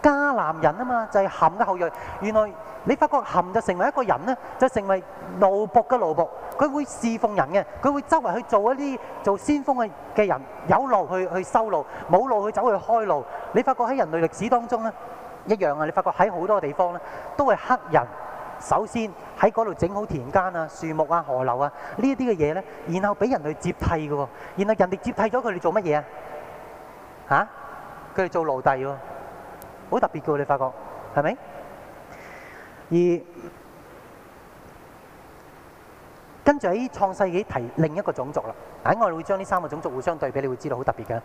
迦南人啊嘛，就係含嘅後裔。原來你發覺含就成為一個人呢就成為奴僕嘅奴僕。佢會侍奉人嘅，佢會周圍去做一啲做先鋒嘅嘅人，有路去去修路，冇路去走去開路。你發覺喺人類歷史當中呢一樣啊！你發覺喺好多地方呢都係黑人首先喺嗰度整好田間啊、樹木啊、河流啊這些呢一啲嘅嘢呢，然後俾人類接替嘅喎。然後人哋接替咗佢哋做乜嘢啊？啊？吓？佢哋做奴隸喎。好特別嘅，你發覺係咪？而跟住喺創世紀提另一個種族啦，另外會將呢三個種族互相對比，你會知道好特別嘅。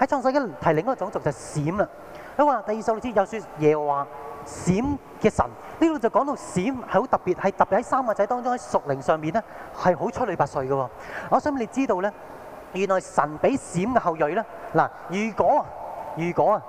喺創世紀提另一個種族就係閃啦。我話第二十六節有説耶和華閃嘅神，呢度就講到閃係好特別，係特別喺三個仔當中喺屬靈上面咧係好出類拔萃嘅。我想你知道咧，原來神俾閃嘅後裔咧，嗱，如果如果啊。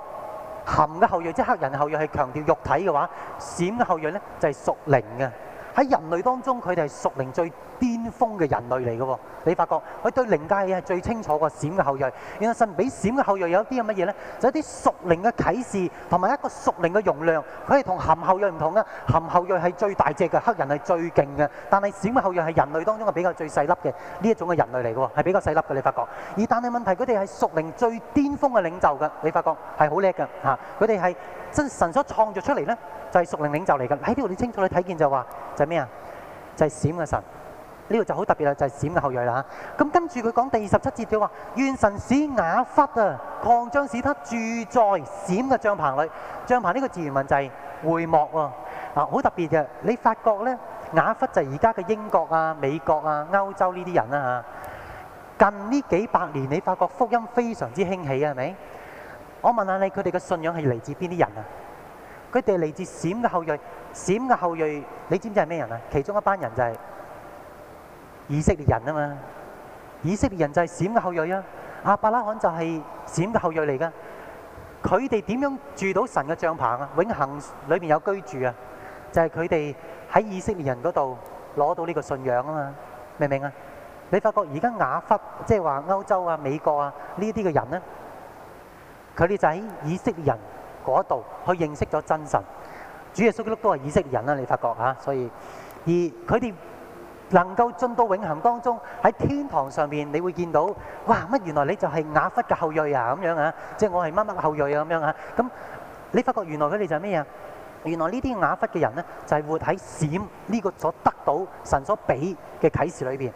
含的後裔，即黑人後裔，是強調肉體的話，閃的後裔呢，就是屬靈的。喺人類當中，佢哋係屬靈最巔峰嘅人類嚟嘅喎。你發覺佢對靈界嘢係最清楚個閃嘅後裔。然後神畀閃嘅後裔有一啲係乜嘢咧？就一啲屬靈嘅啟示同埋一個屬靈嘅容量。佢係同含後裔唔同嘅。含後裔係最大隻嘅黑人係最勁嘅，但係閃嘅後裔係人類當中係比較最細粒嘅呢一種嘅人類嚟嘅喎，係比較細粒嘅。你發覺。而但係問題，佢哋係屬靈最巔峰嘅領袖嘅。你發覺係好叻嘅嚇，佢哋係。他們是神所創造出嚟呢，就係屬靈領袖嚟噶。喺呢度你清楚，你睇見就話就係咩啊？就係、是就是、閃嘅神。呢個就好特別啦，就係、是、閃嘅後裔啦嚇。咁跟住佢講第二十七節，就話願神使雅弗啊擴張，使他住在閃嘅帳棚裏。帳棚呢個字原文就係會幕喎。啊，好特別嘅。你發覺呢，雅弗就而家嘅英國啊、美國啊、歐洲呢啲人啦、啊、嚇。近呢幾百年，你發覺福音非常之興起，係咪？我問下你，佢哋嘅信仰係嚟自邊啲人啊？佢哋嚟自閃嘅後裔，閃嘅後裔，你知唔知係咩人啊？其中一班人就係以色列人啊嘛！以色列人就係閃嘅後裔啊！亞伯拉罕就係閃嘅後裔嚟㗎。佢哋點樣住到神嘅帳棚啊？永恆裏面有居住啊？就係佢哋喺以色列人嗰度攞到呢個信仰啊嘛！明唔明啊？你發覺而家雅弗即係話歐洲啊、美國啊這些呢啲嘅人咧？佢哋就喺以色列人嗰度去認識咗真神，主耶穌基督都係以色列人啦、啊，你發覺嚇、啊，所以而佢哋能夠進到永恆當中喺天堂上面，你會見到哇，乜原來你就係雅弗嘅後裔啊咁樣啊，即係我係乜乜後裔啊？咁樣啊。」咁你發覺原來佢哋就係咩啊？原來呢啲雅弗嘅人咧就係活喺閃呢個所得到神所俾嘅啟示裏邊。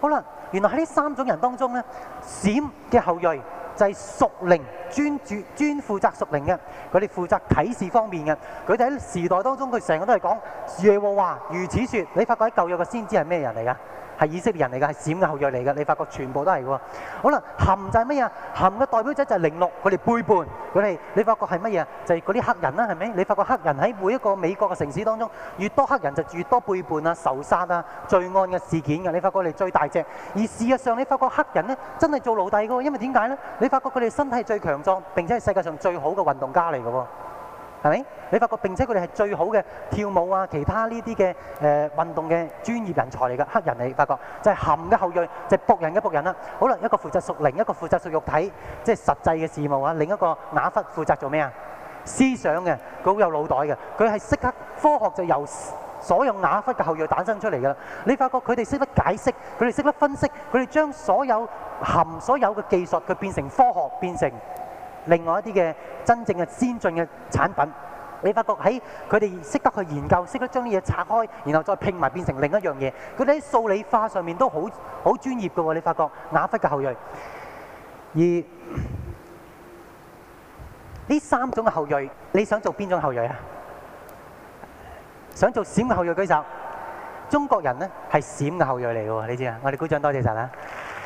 好啦，原來喺呢三種人當中咧，閃嘅後裔。就係屬靈專注專負責屬靈嘅，佢哋負責啟示方面嘅。佢哋喺時代當中，佢成日都係講耶和華如此說，你發覺喺舊約嘅先知係咩人嚟噶？係以色列人嚟㗎，係閃嘅後裔嚟㗎。你發覺全部都係喎。好啦，含就係乜嘢？含嘅代表者就係零六，佢哋背叛佢哋。你發覺係乜嘢？就係嗰啲黑人啦，係咪？你發覺黑人喺每一個美國嘅城市當中，越多黑人就越多背叛啊、仇殺啊、罪案嘅事件㗎。你發覺你最大隻，而事實上你發覺黑人呢，真係做奴隸㗎，因為點解呢？你發覺佢哋身體最強壯，並且係世界上最好嘅運動家嚟㗎。係咪？你發覺並且佢哋係最好嘅跳舞啊，其他呢啲嘅誒運動嘅專業人才嚟㗎，黑人你發覺就係、是、含嘅後裔，就係、是、僕人嘅僕人啦。好啦，一個負責屬靈，一個負責屬肉體，即係實際嘅事務啊。另一個雅弗負責做咩啊？思想嘅，佢好有腦袋嘅，佢係識得科學就由所有雅弗嘅後裔誕生出嚟㗎。你發覺佢哋識得解釋，佢哋識得分析，佢哋將所有含所有嘅技術，佢變成科學，變成。另外一啲嘅真正嘅先進嘅產品，你發覺喺佢哋識得去研究，識得將啲嘢拆開，然後再拼埋變成另一樣嘢。佢哋喺數理化上面都好好專業嘅喎。你發覺雅弗嘅後裔，而呢三種嘅後裔，你想做邊種後裔啊？想做閃嘅後裔，舉手。中國人咧係閃嘅後裔嚟嘅喎，你知啊？我哋鼓掌多謝晒啦！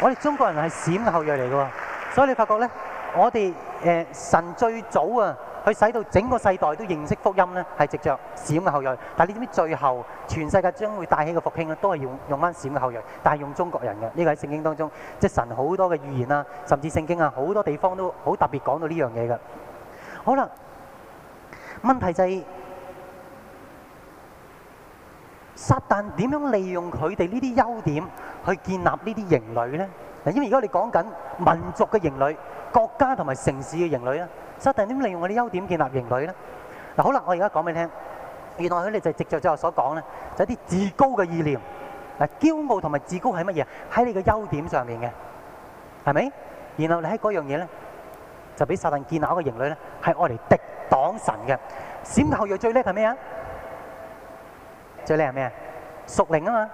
我哋中國人係閃嘅後裔嚟嘅喎，所以你發覺咧。我哋誒、呃、神最早啊，佢使到整個世代都認識福音咧，係藉著閃嘅後裔。但係你知唔知最後全世界將會帶起個復興咧，都係用用翻閃嘅後裔，但係用中國人嘅。呢、呢個喺聖經當中，即係神好多嘅預言啊，甚至聖經啊，好多地方都好特別講到呢樣嘢㗎。好啦，問題就係、是、撒旦點樣利用佢哋呢啲優點去建立這些盈呢啲營壘咧？嗱，因為而家我哋講緊民族嘅營壘、國家同埋城市嘅營壘啦，撒旦點利用我哋優點建立營壘咧？嗱，好啦，我而家講俾你聽，原來佢哋就係藉著最後所講咧，就係一啲自高嘅意念，嗱，驕傲同埋自高係乜嘢？喺你嘅優點上面嘅，係咪？然後你喺嗰樣嘢咧，就俾撒旦建構嘅營壘咧，係愛嚟敵擋神嘅，閃後裔最叻係咩啊？最叻係咩？屬靈啊嘛！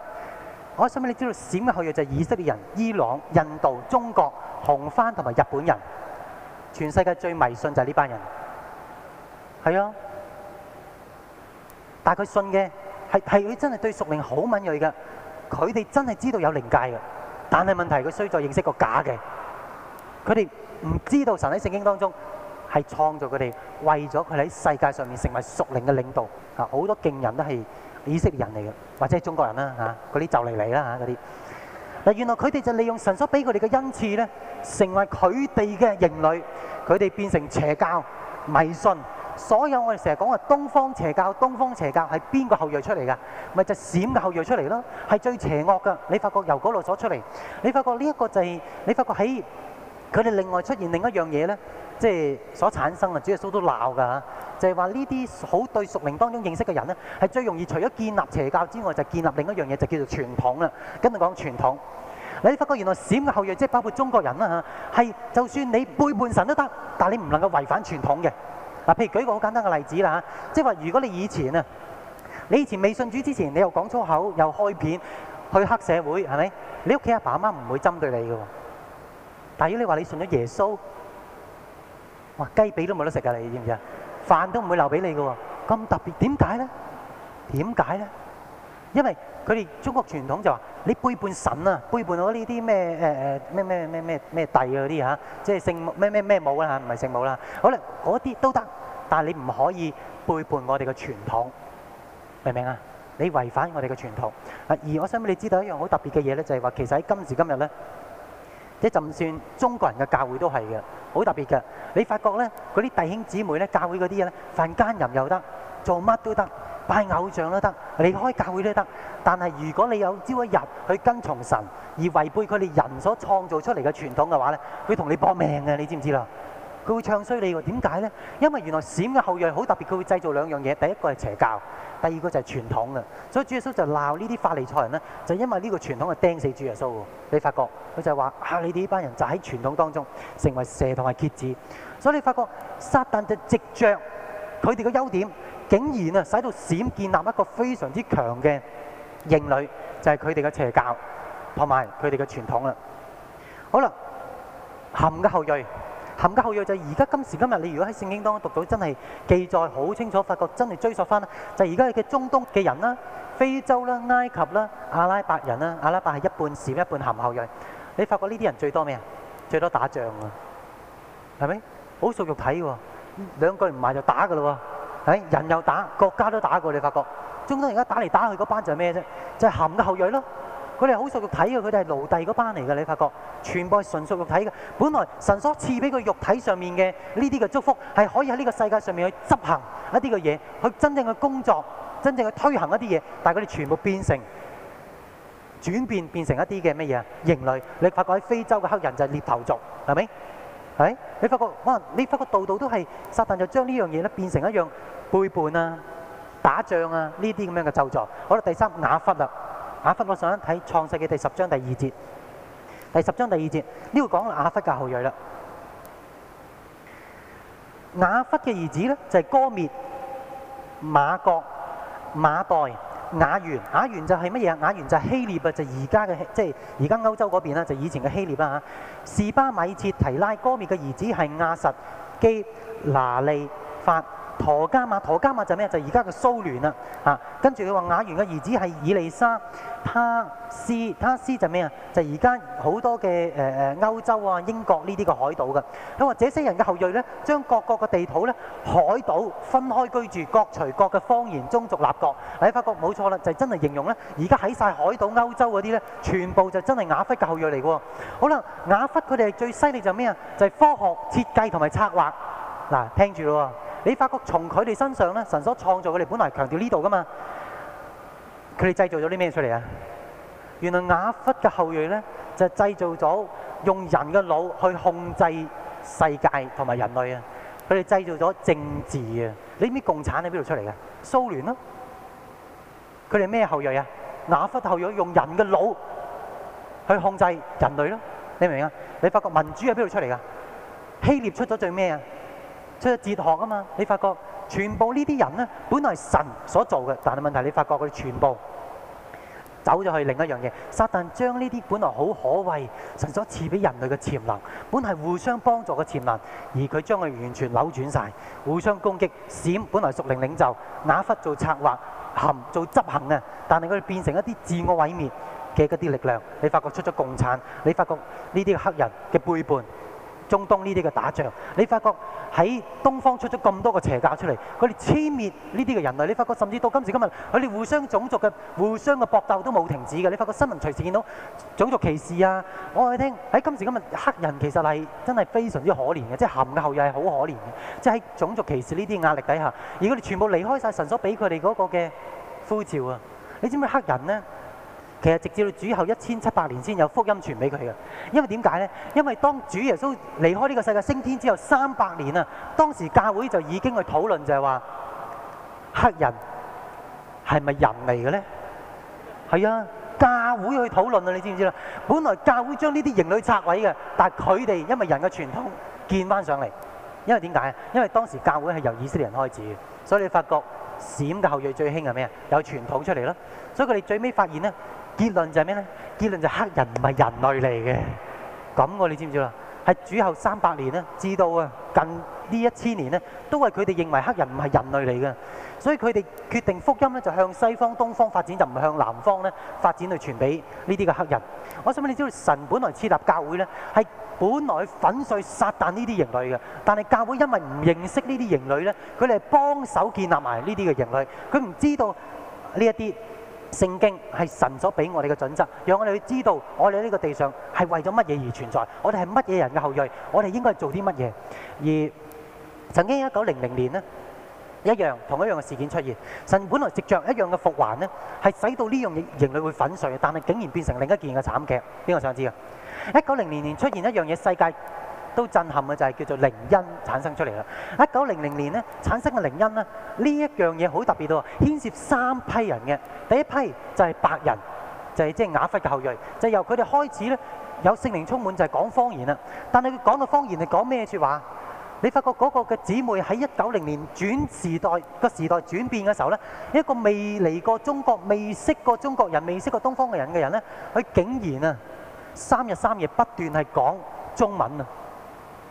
我想問你知道閃的後裔就係以色列人、伊朗、印度、中國、紅番同埋日本人，全世界最迷信就係呢班人，係啊，但係佢信嘅係係佢真係對屬靈好敏鋭嘅，佢哋真係知道有靈界嘅，但係問題佢需要再認識個假嘅，佢哋唔知道神喺聖經當中。係創造佢哋，為咗佢哋喺世界上面成為屬靈嘅領導啊！好多勁人都係以色列人嚟嘅，或者係中國人啦嚇，嗰啲就嚟嚟啦嚇嗰啲。嗱，原來佢哋就利用神所俾佢哋嘅恩賜咧，成為佢哋嘅淫女，佢哋變成邪教、迷信。所有我哋成日講嘅東方邪教、東方邪教係邊個後裔出嚟㗎？咪就閃嘅後裔出嚟咯，係最邪惡嘅。你發覺由嗰度所出嚟，你發覺呢一個就係你發覺喺佢哋另外出現另一樣嘢咧。即係所產生啊！主耶穌都鬧㗎嚇，就係話呢啲好對屬靈當中認識嘅人咧，係最容易除咗建立邪教之外，就係、建立另一樣嘢，就叫做傳統啦。跟住講傳統，你發覺原來閃嘅後裔，即係包括中國人啦嚇，係就算你背叛神都得，但係你唔能夠違反傳統嘅。嗱，譬如舉一個好簡單嘅例子啦嚇，即係話如果你以前啊，你以前未信主之前，你又講粗口，又開片，去黑社會，係咪？你屋企阿爸阿媽唔會針對你㗎喎。但如果你話你信咗耶穌。哇！雞髀都冇得食㗎，你知唔知啊？飯都唔會留俾你㗎喎，咁特別點解咧？點解咧？因為佢哋中國傳統就話你背叛神啊，背叛咗呢啲咩誒誒咩咩咩咩咩帝嗰啲嚇，即係聖咩咩咩武啦嚇，唔係聖母啦。好啦，嗰啲都得，但係你唔可以背叛我哋嘅傳統，明唔明啊？你違反我哋嘅傳統啊。而我想俾你知道一樣好特別嘅嘢咧，就係話其實喺今時今日咧。即係，就算中國人嘅教會都係嘅，好特別嘅。你發覺咧，嗰啲弟兄姊妹咧，教會嗰啲嘢咧，犯奸淫又得，做乜都得，拜偶像都得，離開教會都得。但係如果你有朝一日去跟從神而違背佢哋人所創造出嚟嘅傳統嘅話咧，佢同你搏命嘅，你知唔知啦？佢會唱衰你喎。點解咧？因為原來閃嘅後裔好特別，佢會製造兩樣嘢。第一個係邪教，第二個就係傳統啦。所以主耶穌就鬧呢啲法利賽人咧，就因為呢個傳統係釘死主耶穌嘅。你發覺佢就係話：啊，你哋呢班人就喺傳統當中成為蛇同埋蠍子。所以你發覺撒但就藉著佢哋嘅優點，竟然啊使到閃建立一個非常之強嘅營壘，就係佢哋嘅邪教同埋佢哋嘅傳統啦。好啦，含嘅後裔。含嘅後裔就係而家今時今日，你如果喺聖經當中讀到，真係記載好清楚，發覺真係追溯翻咧，就係而家嘅中東嘅人啦、非洲啦、埃及啦、阿拉伯人啦，阿拉伯係一半閃一半含後裔。你發覺呢啲人最多咩？最多打仗啊，係咪？好熟肉體喎，兩句唔埋就打噶咯喎，人又打，國家都打過。你發覺中東而家打嚟打去嗰班就係咩啫？就係含嘅後裔咯。佢哋好熟肉體嘅，佢哋係奴隸嗰班嚟嘅。你發覺，全部係純熟肉體嘅。本來神所賜俾佢肉體上面嘅呢啲嘅祝福，係可以喺呢個世界上面去執行一啲嘅嘢，去真正去工作，真正去推行一啲嘢。但係佢哋全部變成轉變，變成一啲嘅乜嘢？人類，你發覺喺非洲嘅黑人就係獵頭族，係咪？係，你發覺可能你發覺度度都係撒但就將呢樣嘢咧變成一樣背叛啊、打仗啊呢啲咁樣嘅咒詛。好啦，第三亞分啦。雅弗，我想睇創世嘅第十章第二節，第十章第二節呢度講雅弗嘅後裔啦。雅弗嘅兒子咧就係、是、哥滅、馬國、馬代、雅元。雅元就係乜嘢？雅元就係希臘啊，就而家嘅即係而家歐洲嗰邊啦，就是、以前嘅希臘啦嚇。士巴米切提拉哥滅嘅兒子係亞實基拿、利法。陀伽馬，陀伽馬就咩？就而家嘅蘇聯啦、啊，啊，跟住佢話雅完嘅兒子係以利沙，他施。他施就咩啊？就而家好多嘅誒誒歐洲啊、英國呢啲嘅海島嘅，佢話這些人嘅後裔咧，將各國嘅地土咧，海島分開居住，各隨各嘅方言、宗族立國。你發覺冇錯啦，就是、真係形容咧，而家喺晒海島歐洲嗰啲咧，全部就真係雅弗嘅後裔嚟嘅喎。好啦，雅弗佢哋係最犀利就咩啊？就係、是、科學設計同埋策劃。嗱、啊，聽住咯、啊。你發覺從佢哋身上咧，神所創造佢哋本來強調呢度噶嘛？佢哋製造咗啲咩出嚟啊？原來雅弗嘅後裔咧，就製造咗用人嘅腦去控制世界同埋人類啊！佢哋製造咗政治啊！你知唔知共產喺邊度出嚟嘅？蘇聯咯、啊！佢哋咩後裔啊？雅弗後裔用人嘅腦去控制人類咯、啊！你明唔明啊？你發覺民主喺邊度出嚟噶？希臘出咗最咩啊？出咗哲學啊嘛，你發覺全部呢啲人呢，本來是神所做嘅，但係問題是你發覺佢全部走咗去另一樣嘢，撒旦將呢啲本來好可畏神所賜俾人類嘅潛能，本係互相幫助嘅潛能，而佢將佢完全扭轉晒，互相攻擊。閃本來屬靈領袖，雅弗做策劃，含做執行啊，但係佢哋變成一啲自我毀滅嘅嗰啲力量。你發覺出咗共產，你發覺呢啲黑人嘅背叛。中東呢啲嘅打仗，你發覺喺東方出咗咁多個邪教出嚟，佢哋殲滅呢啲嘅人類。你發覺甚至到今時今日，佢哋互相種族嘅互相嘅搏鬥都冇停止嘅。你發覺新聞隨時見到種族歧視啊！我話你聽喺今時今日黑人其實係真係非常之可憐嘅，即係含嘅後裔係好可憐嘅，即係喺種族歧視呢啲壓力底下，而佢哋全部離開曬神所俾佢哋嗰個嘅呼召啊，你知唔知黑人呢？其實直至到主後一千七百年先有福音傳俾佢嘅，因為點解呢？因為當主耶穌離開呢個世界升天之後三百年啊，當時教會就已經去討論就係話黑人係咪人嚟嘅呢？係啊，教會去討論啊！你知唔知啦？本來教會將呢啲營壘拆毀嘅，但係佢哋因為人嘅傳統建翻上嚟，因為點解啊？因為當時教會係由以色列人開始嘅，所以你發覺閃嘅後裔最興係咩啊？有傳統出嚟咯，所以佢哋最尾發現呢。結論就係咩呢？結論就係黑人唔係人類嚟嘅，咁喎你知唔知啦？係主後三百年呢，至到啊近呢一千年呢，都係佢哋認為黑人唔係人類嚟嘅，所以佢哋決定福音呢就向西方、東方發展，就唔向南方呢發展去傳俾呢啲嘅黑人。我想問你知道？神本來設立教會呢，係本來去粉碎撒但呢啲營旅嘅，但係教會因為唔認識呢啲營旅呢，佢哋係幫手建立埋呢啲嘅營旅，佢唔知道呢一啲。聖經係神所俾我哋嘅準則，讓我哋去知道我哋呢個地上係為咗乜嘢而存在，我哋係乜嘢人嘅後裔，我哋應該係做啲乜嘢。而曾經一九零零年咧，一樣同一樣嘅事件出現，神本來藉著一樣嘅復還咧，係使到呢樣嘢人類會粉碎，但係竟然變成另一件嘅慘劇。邊個想知啊？一九零零年出現一樣嘢，世界，都震撼嘅就係叫做靈恩產生出嚟啦！一九零零年呢產生嘅靈恩呢，呢一樣嘢好特別喎，牽涉三批人嘅。第一批就係白人，就係即係雅弗嘅後裔，就是、由佢哋開始呢，有聖靈充滿就係講方言啦。但係佢講到方言係講咩説話？你發覺嗰個嘅姊妹喺一九零年轉時代個時代轉變嘅時候呢，一個未嚟過中國、未識過中國人、未識過東方嘅人嘅人呢，佢竟然啊三日三夜不斷係講中文啊！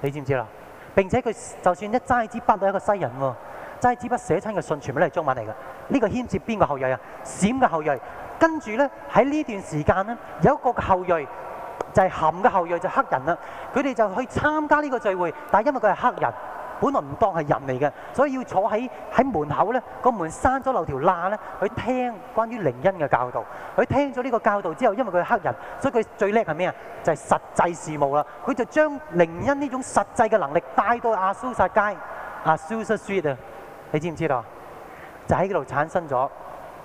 你知唔知啦？並且佢就算一齋支筆到一個西人喎，齋支筆寫親嘅信全部都係中文嚟嘅。呢、這個牽涉邊個後裔啊？閃嘅後裔。跟住咧喺呢在這段時間咧，有一個後裔就係含嘅後裔就是、黑人啦。佢哋就去參加呢個聚會，但係因為佢係黑人。本來唔當係人嚟嘅，所以要坐喺喺門口呢個門閂咗漏條罅呢。去聽關於靈恩嘅教導。佢聽咗呢個教導之後，因為佢係黑人，所以佢最叻係咩啊？就係、是、實際事務啦。佢就將靈恩呢種實際嘅能力帶到阿蘇薩街，阿蘇薩街啊，你知唔知道？就喺嗰度產生咗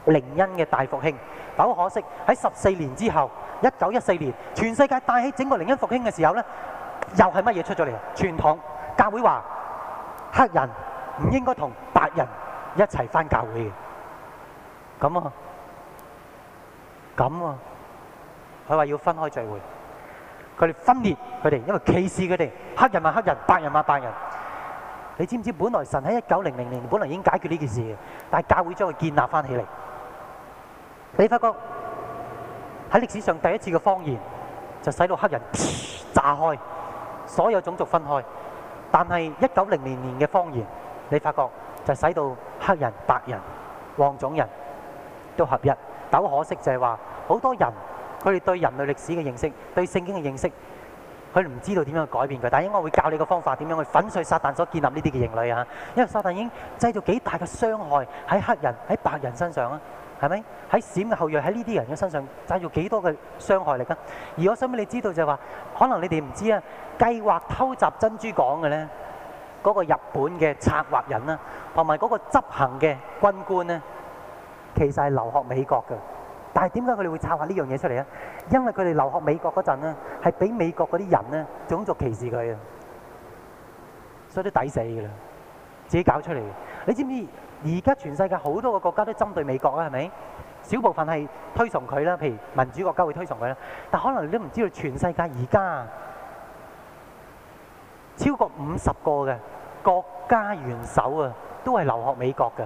靈恩嘅大復興。但係好可惜，喺十四年之後，一九一四年，全世界帶起整個靈恩復興嘅時候呢，又係乜嘢出咗嚟？傳統教會話，黑人唔應該同白人一齊翻教會嘅，咁啊，咁啊，佢話要分開聚會，佢哋分裂，佢哋因為歧視佢哋黑人嘛黑人，白人嘛白人。你知唔知本來神喺一九零零年本來已經解決呢件事嘅？但係教會將佢建立翻起嚟。你發覺喺歷史上第一次嘅謊言，就使到黑人炸開，所有種族分開。但係一九零零年嘅方言，你發覺就使到黑人、白人、黃種人都合一。斗可惜就係話，好多人佢哋對人類歷史嘅認識，對聖經嘅認識，佢唔知道點樣去改變佢。但係應該會教你個方法，點樣去粉碎撒旦所建立呢啲嘅形類啊！因為撒旦已經製造幾大嘅傷害喺黑人喺白人身上啊！係咪？喺閃後裔喺呢啲人嘅身上帶住幾多嘅傷害力啊？而我想俾你知道就係話，可能你哋唔知啊，計劃偷襲珍珠港嘅咧，嗰、那個日本嘅策劃人啦、啊，同埋嗰個執行嘅軍官咧，其實係留學美國嘅。但係點解佢哋會策劃呢樣嘢出嚟啊？因為佢哋留學美國嗰陣咧，係俾美國嗰啲人呢種族歧視佢啊，所以都抵死㗎啦，自己搞出嚟。你知唔知？而家全世界好多個國家都針對美國啊，係咪？少部分係推崇佢啦，譬如民主國家會推崇佢啦。但可能你都唔知道，全世界而家超過五十個嘅國家元首啊，都係留學美國嘅。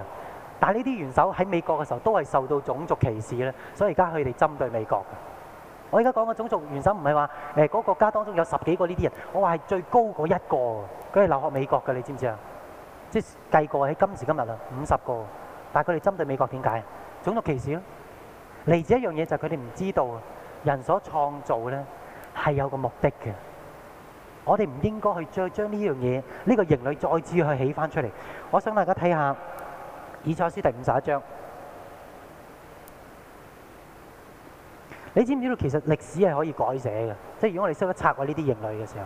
但呢啲元首喺美國嘅時候都係受到種族歧視啦，所以而家佢哋針對美國。我而家講嘅種族元首唔係話誒嗰個國家當中有十幾個呢啲人，我話係最高嗰一個，佢係留學美國嘅，你知唔知啊？即係計過喺今時今日啦，五十個，但係佢哋針對美國點解？種族歧視咯。嚟自一樣嘢就係佢哋唔知道，人所創造咧係有個目的嘅。我哋唔應該去再將呢樣嘢、呢、呢個營壘再次去起翻出嚟。我想大家睇下以賽亞書第五十一章。你知唔知道其實歷史係可以改寫嘅？即係如果我哋識得拆過呢啲營壘嘅時候。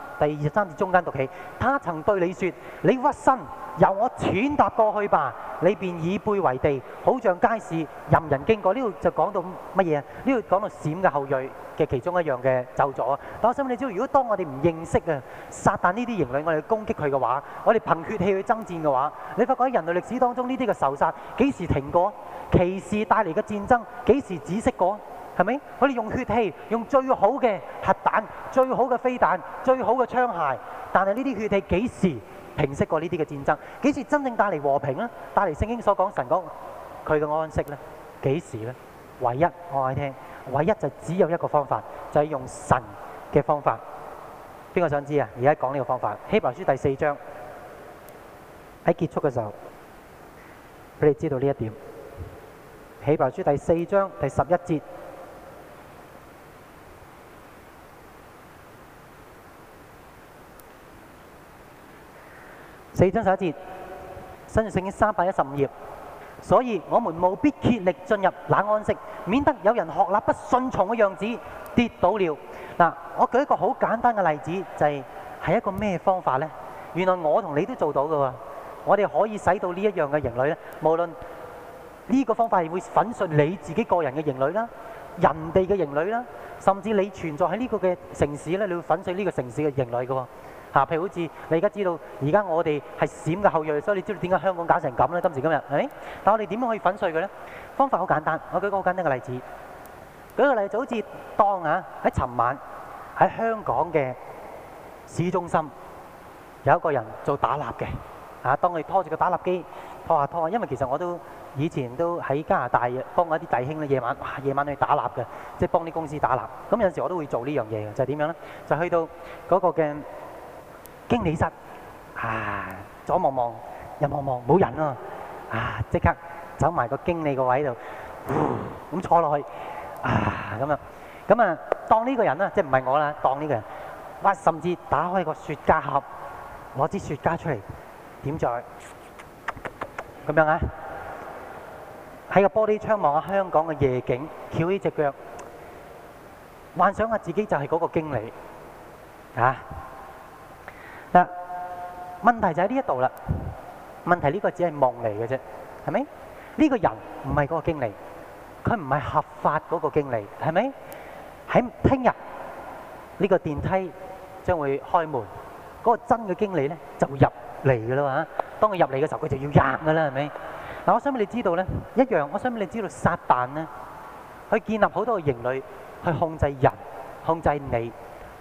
第二十三節中間讀起，他曾對你說：你屈身，由我踐踏過去吧。你便以背為地，好像街市，任人經過。呢度就講到乜嘢啊？呢度講到閃嘅後裔嘅其中一樣嘅咒詛。但我想問你知，如果當我哋唔認識啊撒旦呢啲營領，我哋攻擊佢嘅話，我哋憑血氣去爭戰嘅話，你發覺喺人類歷史當中呢啲嘅仇殺幾時停過？歧視帶嚟嘅戰爭幾時止息過？係咪？我哋用血氣，用最好嘅核彈、最好嘅飛彈、最好嘅槍械，但係呢啲血氣幾時平息過呢啲嘅戰爭？幾時真正帶嚟和平呢？帶嚟聖經所講神講佢嘅安息呢？幾時呢？唯一我愛聽，唯一就只有一個方法，就係、是、用神嘅方法。邊個想知啊？而家講呢個方法，《希伯來書》第四章喺結束嘅時候，佢哋知道呢一點，《希伯來書》第四章第十一節。四章十一節，新約聖經三百一十五頁，所以我們務必竭力進入冷安息，免得有人學那不順從嘅樣子跌倒了。嗱，我舉一個好簡單嘅例子，就係係一個咩方法咧？原來我同你都做到嘅喎，我哋可以使到呢一樣嘅營壘咧。無論呢個方法係會粉碎你自己個人嘅營壘啦，人哋嘅營壘啦，甚至你存在喺呢個嘅城市咧，你會粉碎呢個城市嘅營壘嘅喎。嚇！譬如好似你而家知道，而家我哋係閃嘅後裔，所以你知道點解香港搞成咁咧？今時今日，誒，但係我哋點樣可以粉碎佢咧？方法好簡單，我舉個好簡單嘅例子。舉個例子，好似當啊喺尋晚喺香港嘅市中心有一個人做打蠟嘅嚇，當佢拖住個打蠟機拖下拖下，因為其實我都以前都喺加拿大幫我一啲弟兄咧，夜晚夜晚去打蠟嘅，即係幫啲公司打蠟。咁有陣時我都會做呢樣嘢嘅，就係點樣咧？就去到嗰個嘅。經理室，啊，左望望，右望望，冇人啊！啊，即刻走埋個經理個位度，咁坐落去，啊，咁樣，咁啊，當呢個人啊，即係唔係我啦，當呢個人哇，甚至打開個雪茄盒，攞支雪茄出嚟，點着，咁樣啊，喺個玻璃窗望下香港嘅夜景，翹呢隻腳，幻想下自己就係嗰個經理，啊！嗱，問題就喺呢一度啦。問題呢個只係夢嚟嘅啫，係咪？呢個人唔係嗰個經理，佢唔係合法嗰個經理，係咪？喺聽日呢個電梯將會開門，嗰個真嘅經理咧就會入嚟嘅啦嚇。當佢入嚟嘅時候，佢就要吔嘅啦，係咪？嗱，我想俾你知道咧，一樣，我想俾你知道撒旦咧，去建立好多個營壘去控制人、控制你、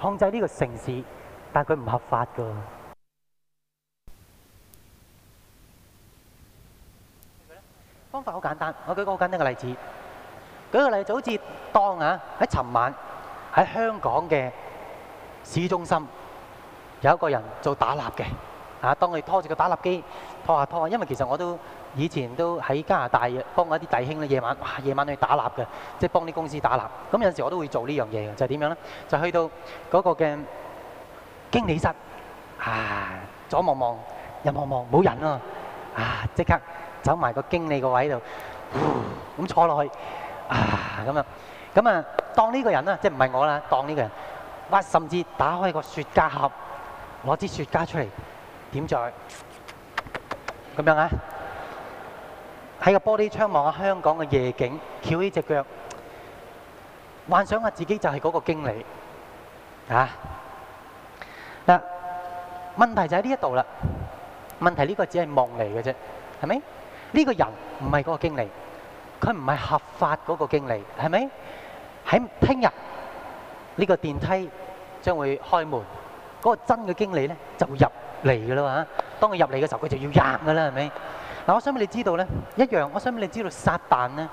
控制呢個城市。但佢唔合法㗎，方法好簡單。我舉個好簡單嘅例子，舉個例子，好似當啊喺尋晚喺香港嘅市中心有一個人做打蠟嘅啊，當佢拖住個打蠟機拖下拖下，因為其實我都以前都喺加拿大幫我啲弟兄咧夜晚夜晚去打蠟嘅，即係幫啲公司打蠟。咁有陣時我都會做呢樣嘢嘅，就係點樣咧？就去到嗰個嘅經理室啊，左望望，右望望，冇人咯，啊！即刻走埋個經理個位度，咁坐落去啊咁啊，咁啊，當呢個人啦，即係唔係我啦，當呢個人，哇！甚至打開個雪茄盒，攞支雪茄出嚟，點在咁樣啊？喺個玻璃窗望下香港嘅夜景，翹起隻腳，幻想下自己就係嗰個經理，啊！問題就喺呢一度啦。問題呢個只係夢嚟嘅啫，係咪？呢個人唔係嗰個經理，佢唔係合法嗰個經理，係咪？喺聽日呢個電梯將會開門，嗰個真嘅經理咧就入嚟嘅啦嘛。當佢入嚟嘅時候，佢就要吔嘅啦，係咪？嗱，我想俾你知道咧，一樣，我想俾你知道撒旦咧，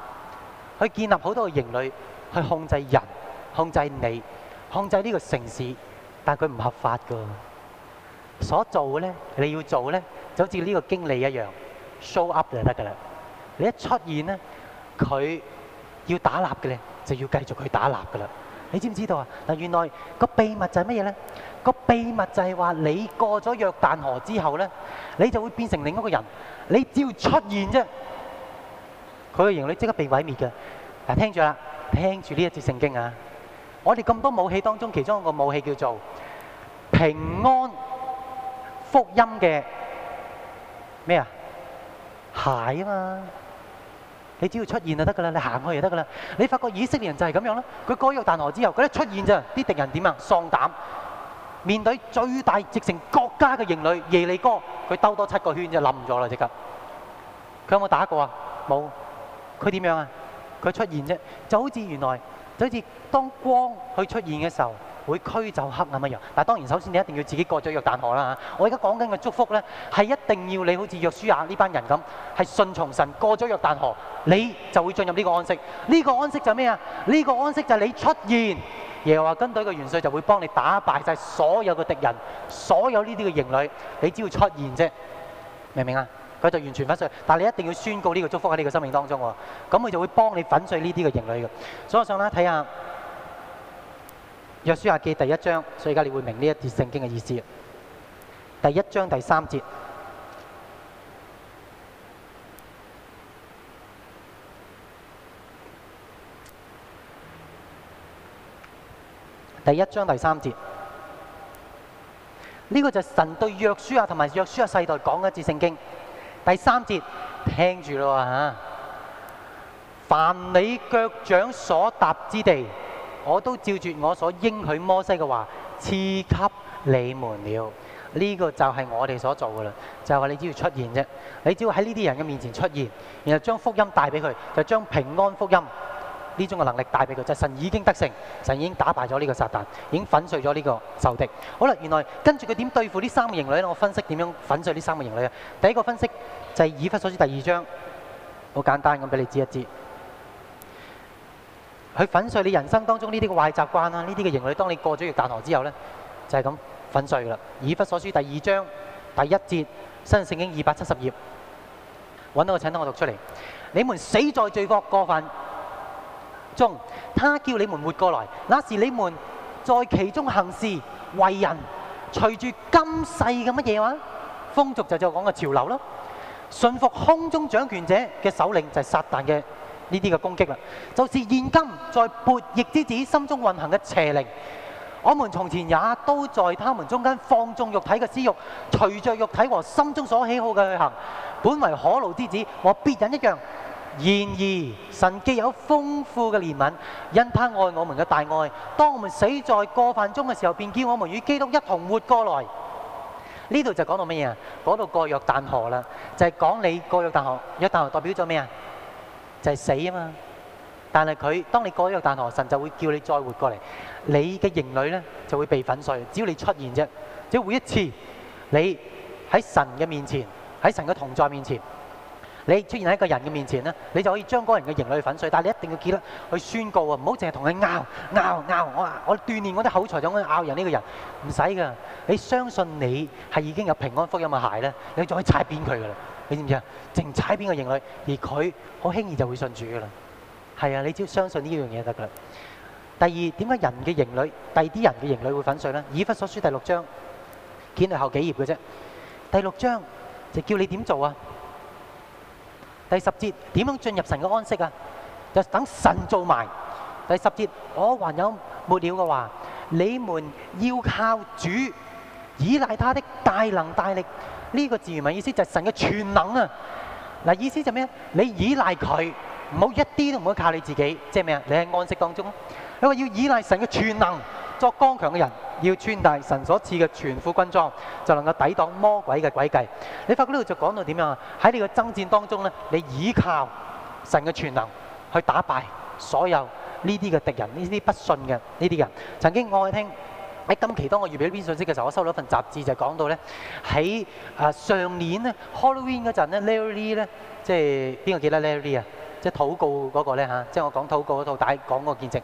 去建立好多嘅營壘，去控制人、控制你、控制呢個城市，但係佢唔合法㗎。所做咧，你要做咧，就好似呢個經理一樣，show up 就得噶啦。你一出現咧，佢要打蠟嘅咧，就要繼續去打蠟噶啦。你知唔知道啊？嗱，原來個秘密就係乜嘢咧？個秘密就係話，你過咗約旦河之後咧，你就會變成另一個人。你只要出現啫，佢嘅營你即刻被毀滅嘅。嗱，聽住啦，聽住呢一節聖經啊。我哋咁多武器當中，其中一個武器叫做平安。福音嘅咩啊鞋啊嘛，你只要出現就得噶啦，你行去就得噶啦。你發覺以色列人就係咁樣啦，佢過咗約旦河之後，佢一出現啫，啲敵人點啊喪膽，面對最大直情國家嘅營壘耶利哥，佢兜多七個圈就冧咗啦即刻。佢有冇打過啊？冇。佢點樣啊？佢出現啫，就好似原來，就好似當光去出現嘅時候。會驅走黑暗一樣，但係當然首先你一定要自己過咗約旦河啦嚇。我而家講緊嘅祝福咧，係一定要你好似約書亞呢班人咁，係順從神過咗約旦河，你就會進入呢個安息。呢個安息就係咩啊？呢個安息就係你出現，耶和華軍隊嘅元帥就會幫你打敗晒所有嘅敵人，所有呢啲嘅營壘，你只要出現啫，明唔明啊？佢就完全粉碎，但係你一定要宣告呢個祝福喺你嘅生命當中喎，咁佢就會幫你粉碎呢啲嘅營壘嘅。所以我想咧睇下。約書亞記第一章，所以而家你會明呢一節聖經嘅意思。第一章第三節，第一章第三節，呢個就係神對約書亞同埋約書亞世代講嘅一節聖經。第三節，聽住咯，吓，凡你腳掌所踏之地。我都照住我所應許摩西嘅話，賜給你們了。呢、這個就係我哋所做嘅啦。就係、是、你只要出現啫，你只要喺呢啲人嘅面前出現，然後將福音帶俾佢，就將平安福音呢種嘅能力帶俾佢。就是、神已經得勝，神已經打敗咗呢個撒旦，已經粉碎咗呢個仇敵。好啦，原來跟住佢點對付呢三個型女呢？我分析點樣粉碎呢三個型女咧？第一個分析就係以弗所書第二章，好簡單咁俾你知一知。佢粉碎你人生當中呢啲嘅壞習慣啊，呢啲嘅型類。當你過咗約旦河之後咧，就係、是、咁粉碎噶啦。以弗所書第二章第一節，新聖經二百七十頁，搵到個，請等我讀出嚟。 你們死在罪惡過犯中，他叫你們活過來。那時你們在其中行事為人，隨住今世嘅乜嘢哇？風俗就就係講個潮流咯。信服空中掌權者嘅首領就係、是、撒旦嘅。呢啲嘅攻擊啦，就是現今在悖逆之子心中運行嘅邪靈。我們從前也都在他們中間放縱肉體嘅私欲，隨着肉體和心中所喜好嘅去行，本為可怒之子，和別人一樣。然而神既有豐富嘅憐憫，因他愛我們嘅大愛，當我們死在過犯中嘅時候，便叫我們與基督一同活過來。這裡，呢度就講到乜嘢啊？講到過約但河啦，就係講你過約但河。約但河代表咗咩啊？就係死啊嘛！但係佢，當你過咗個約旦河，神就會叫你再活過嚟。你嘅營壘咧就會被粉碎。只要你出現啫，只要每一次，你喺神嘅面前，喺神嘅同在面前，你出現喺一個人嘅面前咧，你就可以將嗰個人嘅營壘粉碎。但係你一定要記得去宣告啊，唔好淨係同佢拗拗拗！我我鍛鍊我啲口才，就咁樣拗人呢個人，唔使噶。你相信你係已經有平安福音嘅鞋咧，你仲可以踩扁佢噶啦。你知唔知啊？淨踩邊個營裏，而佢好輕易就會信主噶啦。係啊，你只要相信呢樣嘢就得噶啦。第二，點解人嘅營裏，第啲人嘅營裏會粉碎咧？以弗所書第六章，建立後幾頁嘅啫。第六章就叫你點做啊？第十節點樣進入神嘅安息啊？就等神做埋。第十節，我還有末了嘅話，你們要靠主，倚賴他的大能大力。呢個字原文意思就係神嘅全能啊！嗱，意思就咩？你依賴佢，唔好一啲都唔好靠你自己，即係咩啊？你喺安息當中，一個要依賴神嘅全能作剛強嘅人，要穿戴神所賜嘅全副軍裝，就能夠抵擋魔鬼嘅詭計。你發覺呢度就講到點樣啊？喺你嘅爭戰當中咧，你依靠神嘅全能去打敗所有呢啲嘅敵人，呢啲不信嘅呢啲人。曾經愛聽。喺今期當我預備呢篇信息嘅時候，我收到一份雜誌，就講到咧喺啊上年咧 Halloween 嗰陣咧 Larry 咧，即係邊個記得 Larry 啊，即係禱告嗰個咧嚇，即係我講禱告嗰套帶講嗰個見證。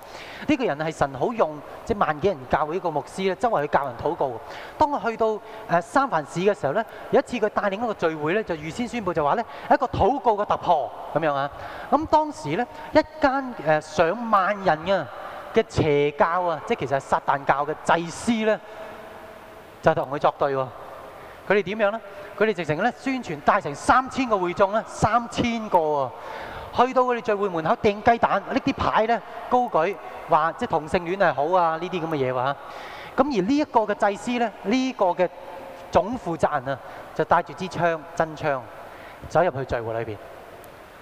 呢個人係神好用，即係萬幾人教會個牧師咧，周圍去教人禱告。當我去到誒三藩市嘅時候咧，有一次佢帶領一個聚會咧，就預先宣布就話咧一個禱告嘅突破咁樣啊。咁當時咧一間誒上萬人嘅。嘅邪教啊，即係其實係撒但教嘅祭司咧，就同佢作對喎。佢哋點樣咧？佢哋直情咧宣傳帶成三千個會眾咧，三千個啊，去到佢哋聚會門口掟雞蛋，搦啲牌咧高舉，話即係同性戀係好啊呢啲咁嘅嘢喎。咁而呢一個嘅祭司咧，呢、呢個嘅總負責人啊，就帶住支槍真槍走入去聚會裏邊，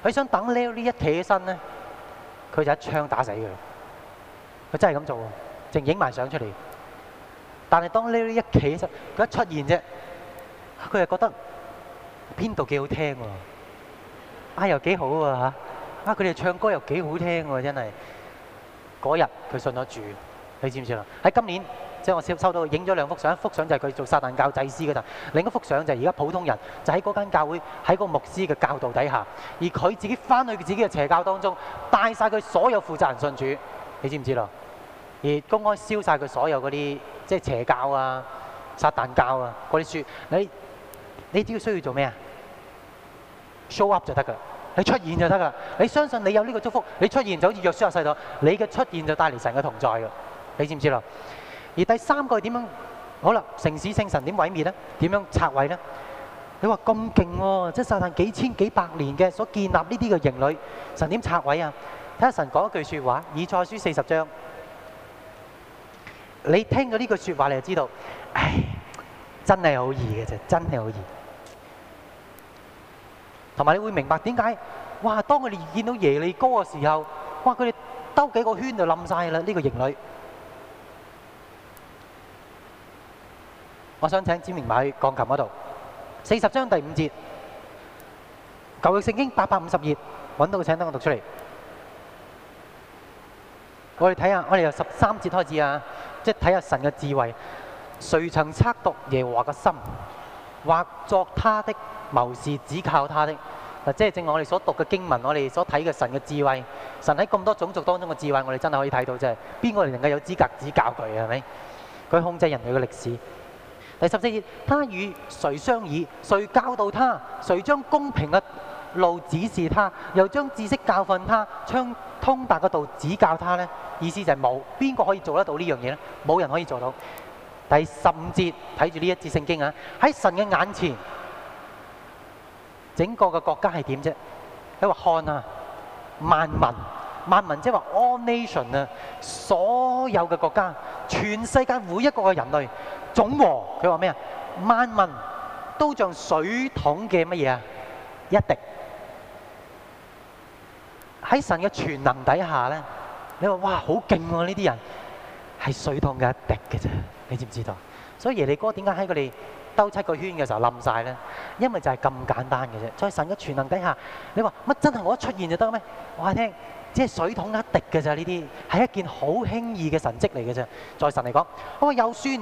佢想等呢一身呢呢一企起身咧，佢就一槍打死佢。佢真係咁做喎，淨影埋相出嚟。但係當呢啲一企起身，佢一出現啫，佢就覺得邊度幾好聽喎、啊，啊又幾好喎、啊、嚇，啊佢哋唱歌又幾好聽喎、啊，真係。嗰日佢信咗主，你知唔知啦？喺今年，即係我收收到影咗兩幅相，一幅相就係佢做撒旦教祭司嗰陣，另一幅相就係而家普通人，就喺嗰間教會喺個牧師嘅教導底下，而佢自己翻去佢自己嘅邪教當中，帶晒佢所有負責人信主，你知唔知啦？而公開燒晒佢所有嗰啲即邪教啊、撒旦教啊嗰啲書，你，你只要需要做咩啊？show up 就得噶，你出現就得噶。你相信你有呢個祝福，你出現就好似約書亞細度，你嘅出現就帶嚟神嘅同在噶。你知唔知咯？而第三個點樣？好啦，城市聖神點毀滅咧？點樣拆毀咧？你話咁勁喎，即撒旦幾千幾百年嘅所建立呢啲嘅營壘，神點拆毀啊？睇下神講一句説話，以賽書四十章。你聽到呢句説話，你就知道，唉，真係好易嘅啫，真係好易。同埋，你會明白點解，哇！當佢哋見到耶利哥嘅時候，哇！佢哋兜幾個圈就冧晒啦，呢個型女。我想請子明埋鋼琴嗰度，四十章第五節，舊約聖經八百五十頁，揾到個，請等我讀出嚟。我哋睇下，我哋由十三節開始啊。即係睇下神嘅智慧，誰曾測度耶和華嘅心？或作他的謀士，指教他的嗱？即係正我哋所讀嘅經文，我哋所睇嘅神嘅智慧，神喺咁多種族當中嘅智慧，我哋真係可以睇到，即係邊個嚟能夠有資格指教佢係咪？佢控制人類嘅歷史。第十四節，他與誰商議？誰教導他？誰將公平嘅路指示他？又將知識教訓他？將通達嘅道指教他咧，意思就係冇邊個可以做得到這件事呢樣嘢咧，冇人可以做到。第十五節，睇住呢一節聖經啊，喺神嘅眼前，整個嘅國家係點啫？佢話看啊，萬民，萬民即係話 all nation 啊，所有嘅國家，全世界每一個嘅人類，總和佢話咩啊？萬民都像水桶嘅乜嘢啊？一滴。喺神嘅全能底下咧，你話哇好勁喎！呢啲人係水桶嘅一滴嘅啫，你知唔知道？所以耶利哥點解喺佢哋兜七個圈嘅時候冧晒咧？因為就係咁簡單嘅啫。在神嘅全能底下，你話乜真係我一出現就得咩？我話聽，只係水桶一滴嘅啫。呢啲係一件好輕易嘅神跡嚟嘅啫。在神嚟講，我話又算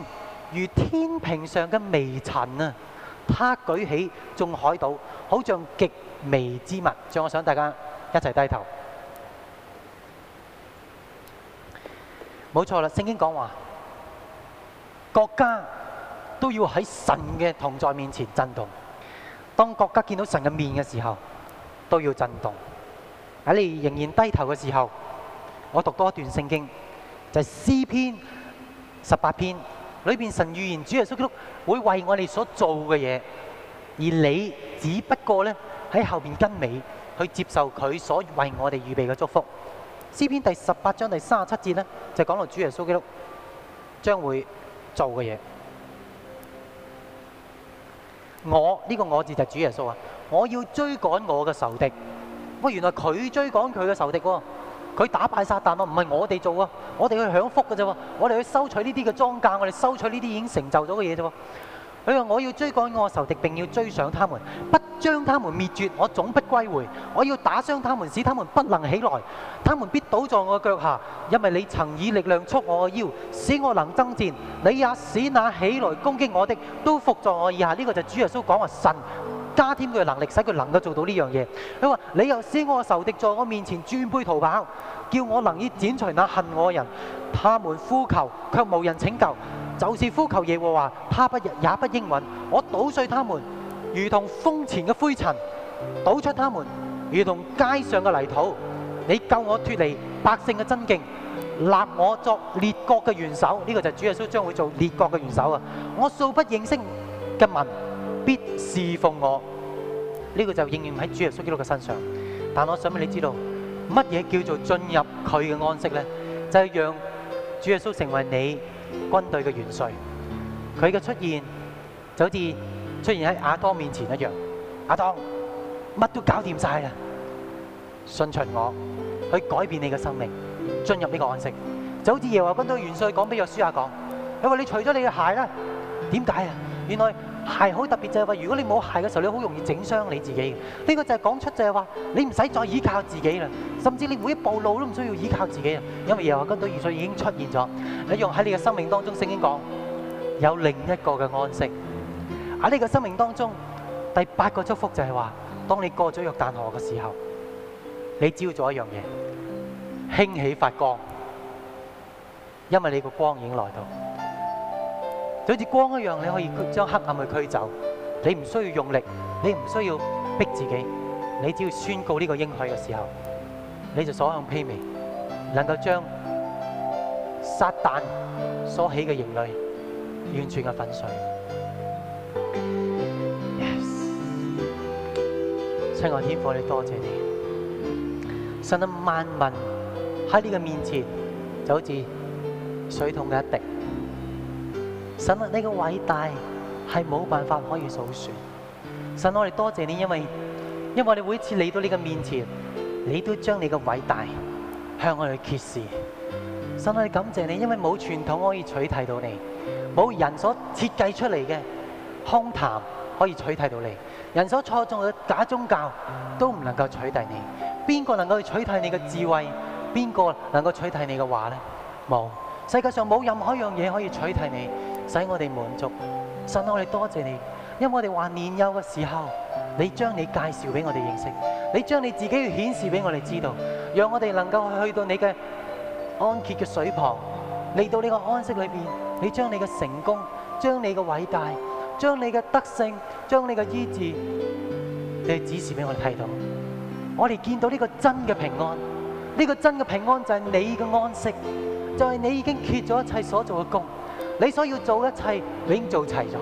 如天平上嘅微塵啊！他舉起眾海島，好像極微之物。所以我想大家一齊低頭。冇錯啦，聖經講話國家都要喺神嘅同在面前震動。當國家見到神嘅面嘅時候，都要震動。喺你仍然低頭嘅時候，我讀多一段聖經，就係詩篇十八篇裏面，神預言主耶穌基督會為我哋所做嘅嘢，而你只不過咧喺後邊跟尾去接受佢所為我哋預備嘅祝福。詩篇第十八章第三十七節咧，就講到主耶穌基督將會做嘅嘢。我、這、呢個我字就係主耶穌啊！我要追趕我嘅仇敵。喂，原來佢追趕佢嘅仇敵喎，佢打敗撒旦咯，唔係我哋做啊，我哋去享福嘅啫，我哋去收取呢啲嘅莊稼，我哋收取呢啲已經成就咗嘅嘢啫。佢話我要追趕我的仇敵，並要追上他們，不將他們滅絕，我總不歸回。我要打傷他們，使他們不能起來，他們必倒在我腳下，因為你曾以力量束我嘅腰，使我能征戰。你也使那起來攻擊我的都伏在我以下。呢、這個就是主耶穌講話，神加添佢嘅能力，使佢能夠做到呢樣嘢。佢話你又使我的仇敵在我面前轉背逃跑，叫我能以剪除那恨我嘅人。他們呼求，卻無人拯救。就是呼求耶和華，他不也也不應允。我搗碎他們，如同風前嘅灰塵；倒出他們，如同街上嘅泥土。你救我脱離百姓嘅爭競，立我作列國嘅元首。呢個就係主耶穌將會做列國嘅元首啊！我素不認識嘅民必侍奉我。呢個就應驗喺主耶穌基督嘅身上。但我想俾你知道乜嘢叫做進入佢嘅安息呢？就係讓主耶穌成為你，軍隊嘅元帥，佢嘅出現就好似出現喺亞當面前一樣，亞當乜都搞掂晒啦，信從我去改變你嘅生命，進入呢個安息，就好似耶和華軍隊元帥講俾約書亞講，佢話你除咗你嘅鞋咧，點解啊？原來。鞋好特別就係話，如果你冇鞋嘅時候，你好容易整傷你自己。呢個就係講出就係話，你唔使再依靠自己啦，甚至你每一步路都唔需要依靠自己。因為耶和華跟到雨水已經出現咗。你用喺你嘅生命當中，聖經講有另一個嘅安息喺你嘅生命當中。第八個祝福就係話，當你過咗約旦河嘅時候，你只要做一樣嘢，興起發光，因為你個光已經來到。好似光一樣，你可以將黑暗去驅走。你唔需要用力，你唔需要逼自己，你只要宣告呢個應許嘅時候，你就所向披靡，能夠將撒但所起嘅營壘完全嘅粉碎。Yes，親愛嘅天父，你多謝你，生得萬民喺你嘅面前，就好似水桶嘅一滴。神，你嘅偉大係冇辦法可以數算。神，我哋多謝,謝你，因為因為你每次嚟到你嘅面前，你都將你嘅偉大向我哋揭示。神，我哋感謝你，因為冇傳統可以取替到你，冇人所設計出嚟嘅空談可以取替到你，人所錯縱嘅假宗教都唔能夠取替你。邊個能夠取替你嘅智慧？邊個能夠取替你嘅話呢？冇，世界上冇任何一樣嘢可以取替你。使我哋滿足，神啊，我哋多謝你，因為我哋還年幼嘅時候，你將你介紹俾我哋認識，你將你自己顯示俾我哋知道，讓我哋能夠去到你嘅安歇嘅水旁，嚟到呢個安息裏邊，你將你嘅成功，將你嘅偉大，將你嘅德性，將你嘅醫治，你指示俾我哋睇到，我哋見到呢個真嘅平安，呢、這個真嘅平安就係你嘅安息，就係、是、你已經歇咗一切所做嘅工。你所要做一切，你已經做齊咗。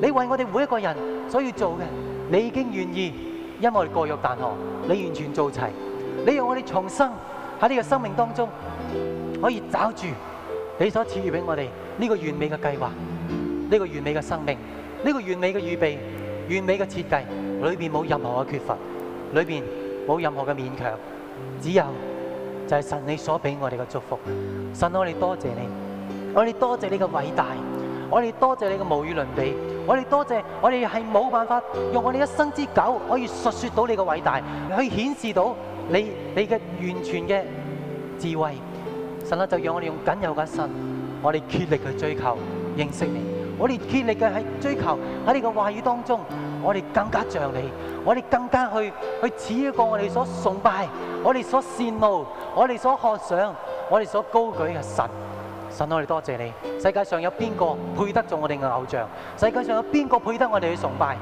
你為我哋每一個人所要做嘅，你已經願意，因為過約旦河，你完全做齊。你讓我哋重生喺呢個生命當中，可以找住你所賜予俾我哋呢個完美嘅計劃，呢個完美嘅生命，呢個完美嘅預備、完美嘅設計，裏邊冇任何嘅缺乏，裏邊冇任何嘅勉強，只有就係神你所俾我哋嘅祝福。神，我哋多謝你。我哋多謝你嘅偉大，我哋多謝你嘅無與倫比，我哋多謝，我哋係冇辦法用我哋一生之久可以述說到你嘅偉大，去顯示到你你嘅完全嘅智慧。神就讓我哋用僅有嘅一生，我哋竭力去追求認識你，我哋竭力去追求喺你嘅話語當中，我哋更加像你。我哋更加去去似一個我哋所崇拜、我哋所羨慕、我哋所渴想、我哋所高舉嘅神。神，我哋多謝你。世界上有邊個配得做我哋嘅偶像？世界上有邊個配得我哋去崇拜？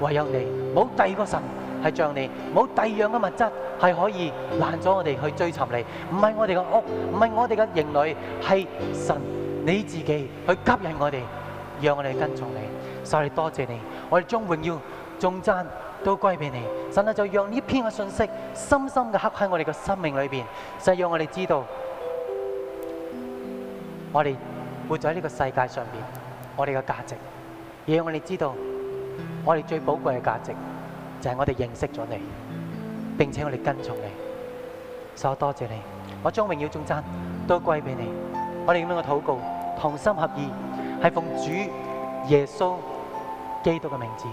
唯有你，冇第二個神係像你，冇第二樣嘅物質係可以難阻我哋去追尋你。唔係我哋嘅屋，唔係我哋嘅營壘，係神你自己去吸引我哋，讓我哋跟從你。神，我哋多謝你，我哋將榮耀、頌讚都歸俾你。神啊，就讓呢篇嘅信息深深嘅刻喺我哋嘅生命裏邊，就讓我哋知道。我哋活在呢個世界上面，我哋嘅價值，而讓我哋知道，我哋最寶貴嘅價值，就係我哋認識咗你，並且我哋跟從你。所以我多謝你，我將榮耀頌讚都歸俾你。我哋咁樣嘅禱告，同心合意，係奉主耶穌基督嘅名字。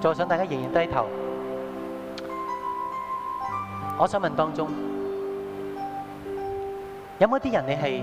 再、嗯、想大家仍然低頭，我想問當中，有冇一啲人你係？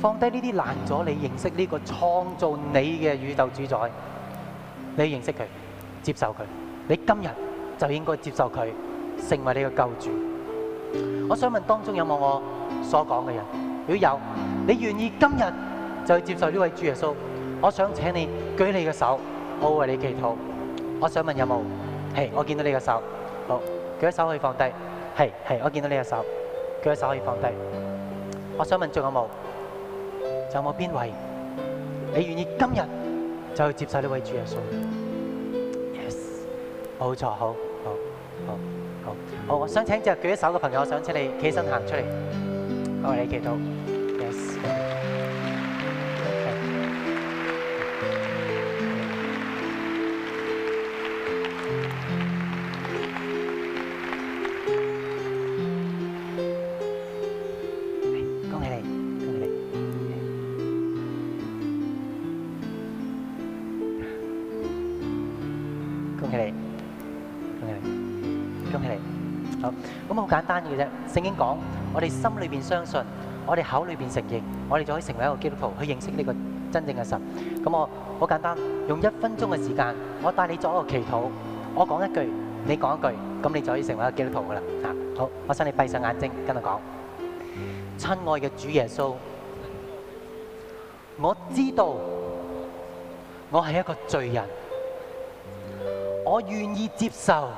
放低呢啲難阻，你認識呢個創造你嘅宇宙主宰，你認識佢，接受佢。你今日就應該接受佢，成為你嘅救主。我想問當中有冇我所講嘅人？如果有，你願意今日就去接受呢位主耶穌？我想請你舉你嘅手，我為你祈禱。我想問有冇？係，我見到你嘅手。好，舉一手可以放低。係係，我見到你嘅手，舉一手可以放低。我想問仲有冇？有沒有邊位？你願意今日就去接受呢位主耶穌？Yes，冇錯，好好好好好，我想請只舉手的朋友，我想請你起身行出來好，你祈禱。聖經講，我哋心裏邊相信，我哋口裏邊承認，我哋就可以成為一個基督徒，去認識呢個真正嘅神。咁我好簡單，用一分鐘嘅時間，我帶你做一個祈禱，我講一句，你講一句，咁你就可以成為一個基督徒噶啦。啊，好，我想你閉上眼睛，跟我講，親愛嘅主耶穌，我知道我係一個罪人，我願意接受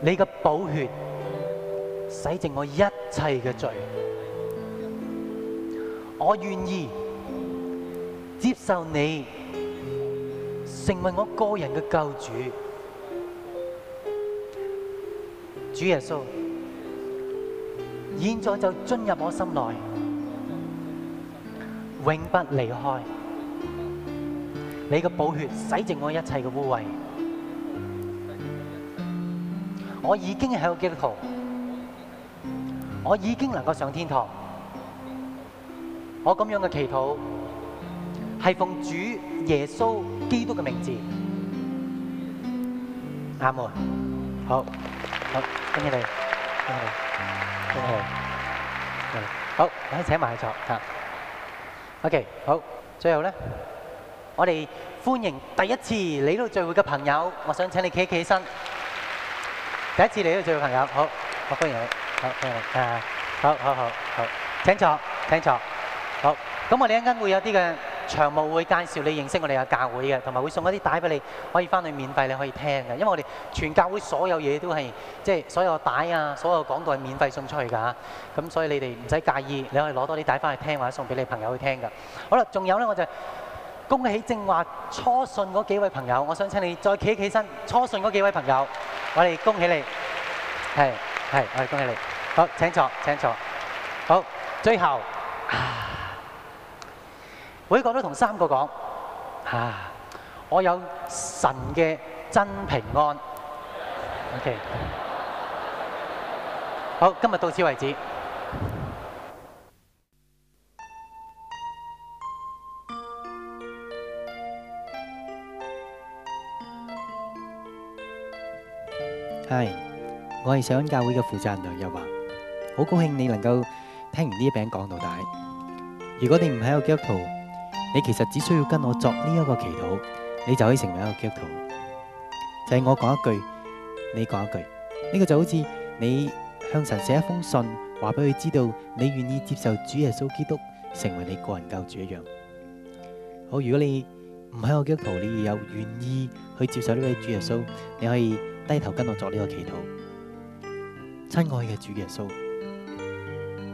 你嘅寶血。洗淨我一切嘅罪，我願意接受你成為我個人嘅救主。主耶穌，現在就進入我心內，永不離開。你嘅寶血洗淨我一切嘅污穢，我已經係基督徒。我已經能夠上天堂。我咁樣嘅祈禱係奉主耶穌基督嘅名字。阿門，好，好，歡迎你，歡迎你，好，大家請埋坐。OK，好，最後呢，我哋歡迎第一次嚟到聚會嘅朋友。我想請你企起身。第一次嚟到聚會朋友，好，我歡迎你。好，啊，好好好好，請坐請坐。好，咁我哋一陣間會有啲嘅長務會介紹你認識我哋嘅教會嘅，同埋會送一啲帶俾你，可以翻去免費你可以聽嘅。因為我哋全教會所有嘢都係即係所有帶啊，所有講道係免費送出去㗎。咁所以你哋唔使介意，你可以攞多啲帶翻去聽或者送俾你朋友去聽㗎。好啦，仲有呢，我就恭喜正話初信嗰幾位朋友，我想請你再企起身，初信嗰幾位朋友，我哋恭喜你，係係，我哋恭喜你。好，請坐，請坐。好，最後，每個都同三個講，啊，我有神嘅真平安。OK。好，今日到此為止。Hi，我係上恩教會嘅負責人梁日華。好高興你能夠聽完呢一篇講道。如果你唔係個基督徒，你其實只需要跟我作呢一個祈禱，你就可以成為一個基督徒。就係我講一句，你講一句，呢個就好似你向神寫一封信，話俾佢知道你願意接受主耶穌基督成為你個人救主一樣。好，如果你唔係個基督徒，你有願意去接受呢位主耶穌，你可以低頭跟我作呢個祈禱。親愛嘅主耶穌。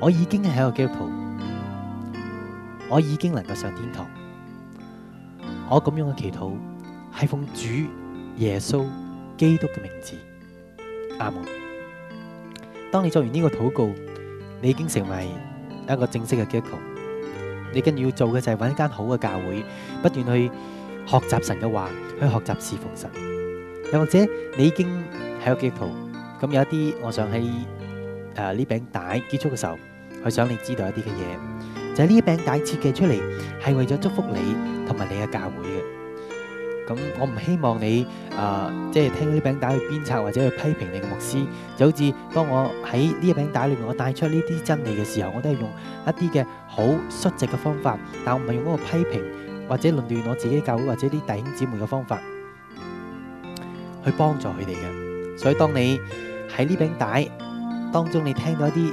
我已經係一個基督徒，我已經能夠上天堂。我咁樣嘅祈禱係奉主耶穌基督嘅名字，阿門。當你做完呢個禱告，你已經成為一個正式嘅基督徒。你跟住要做嘅就係揾一間好嘅教會，不斷去學習神嘅話，去學習侍奉神。又或者你已經係個基督徒，咁有一啲我想喺誒呢餅帶，結束嘅時候。佢想你知道一啲嘅嘢，就係呢一餅帶設計出嚟，係為咗祝福你同埋你嘅教會嘅。咁我唔希望你啊，即、呃、係、就是、聽到呢餅帶去鞭策或者去批評你嘅牧師。就好似當我喺呢一餅帶裏面，我帶出呢啲真理嘅時候，我都係用一啲嘅好率直嘅方法，但我唔係用嗰個批評或者論斷我自己教會或者啲弟兄姊妹嘅方法去幫助佢哋嘅。所以當你喺呢餅帶當中，你聽到一啲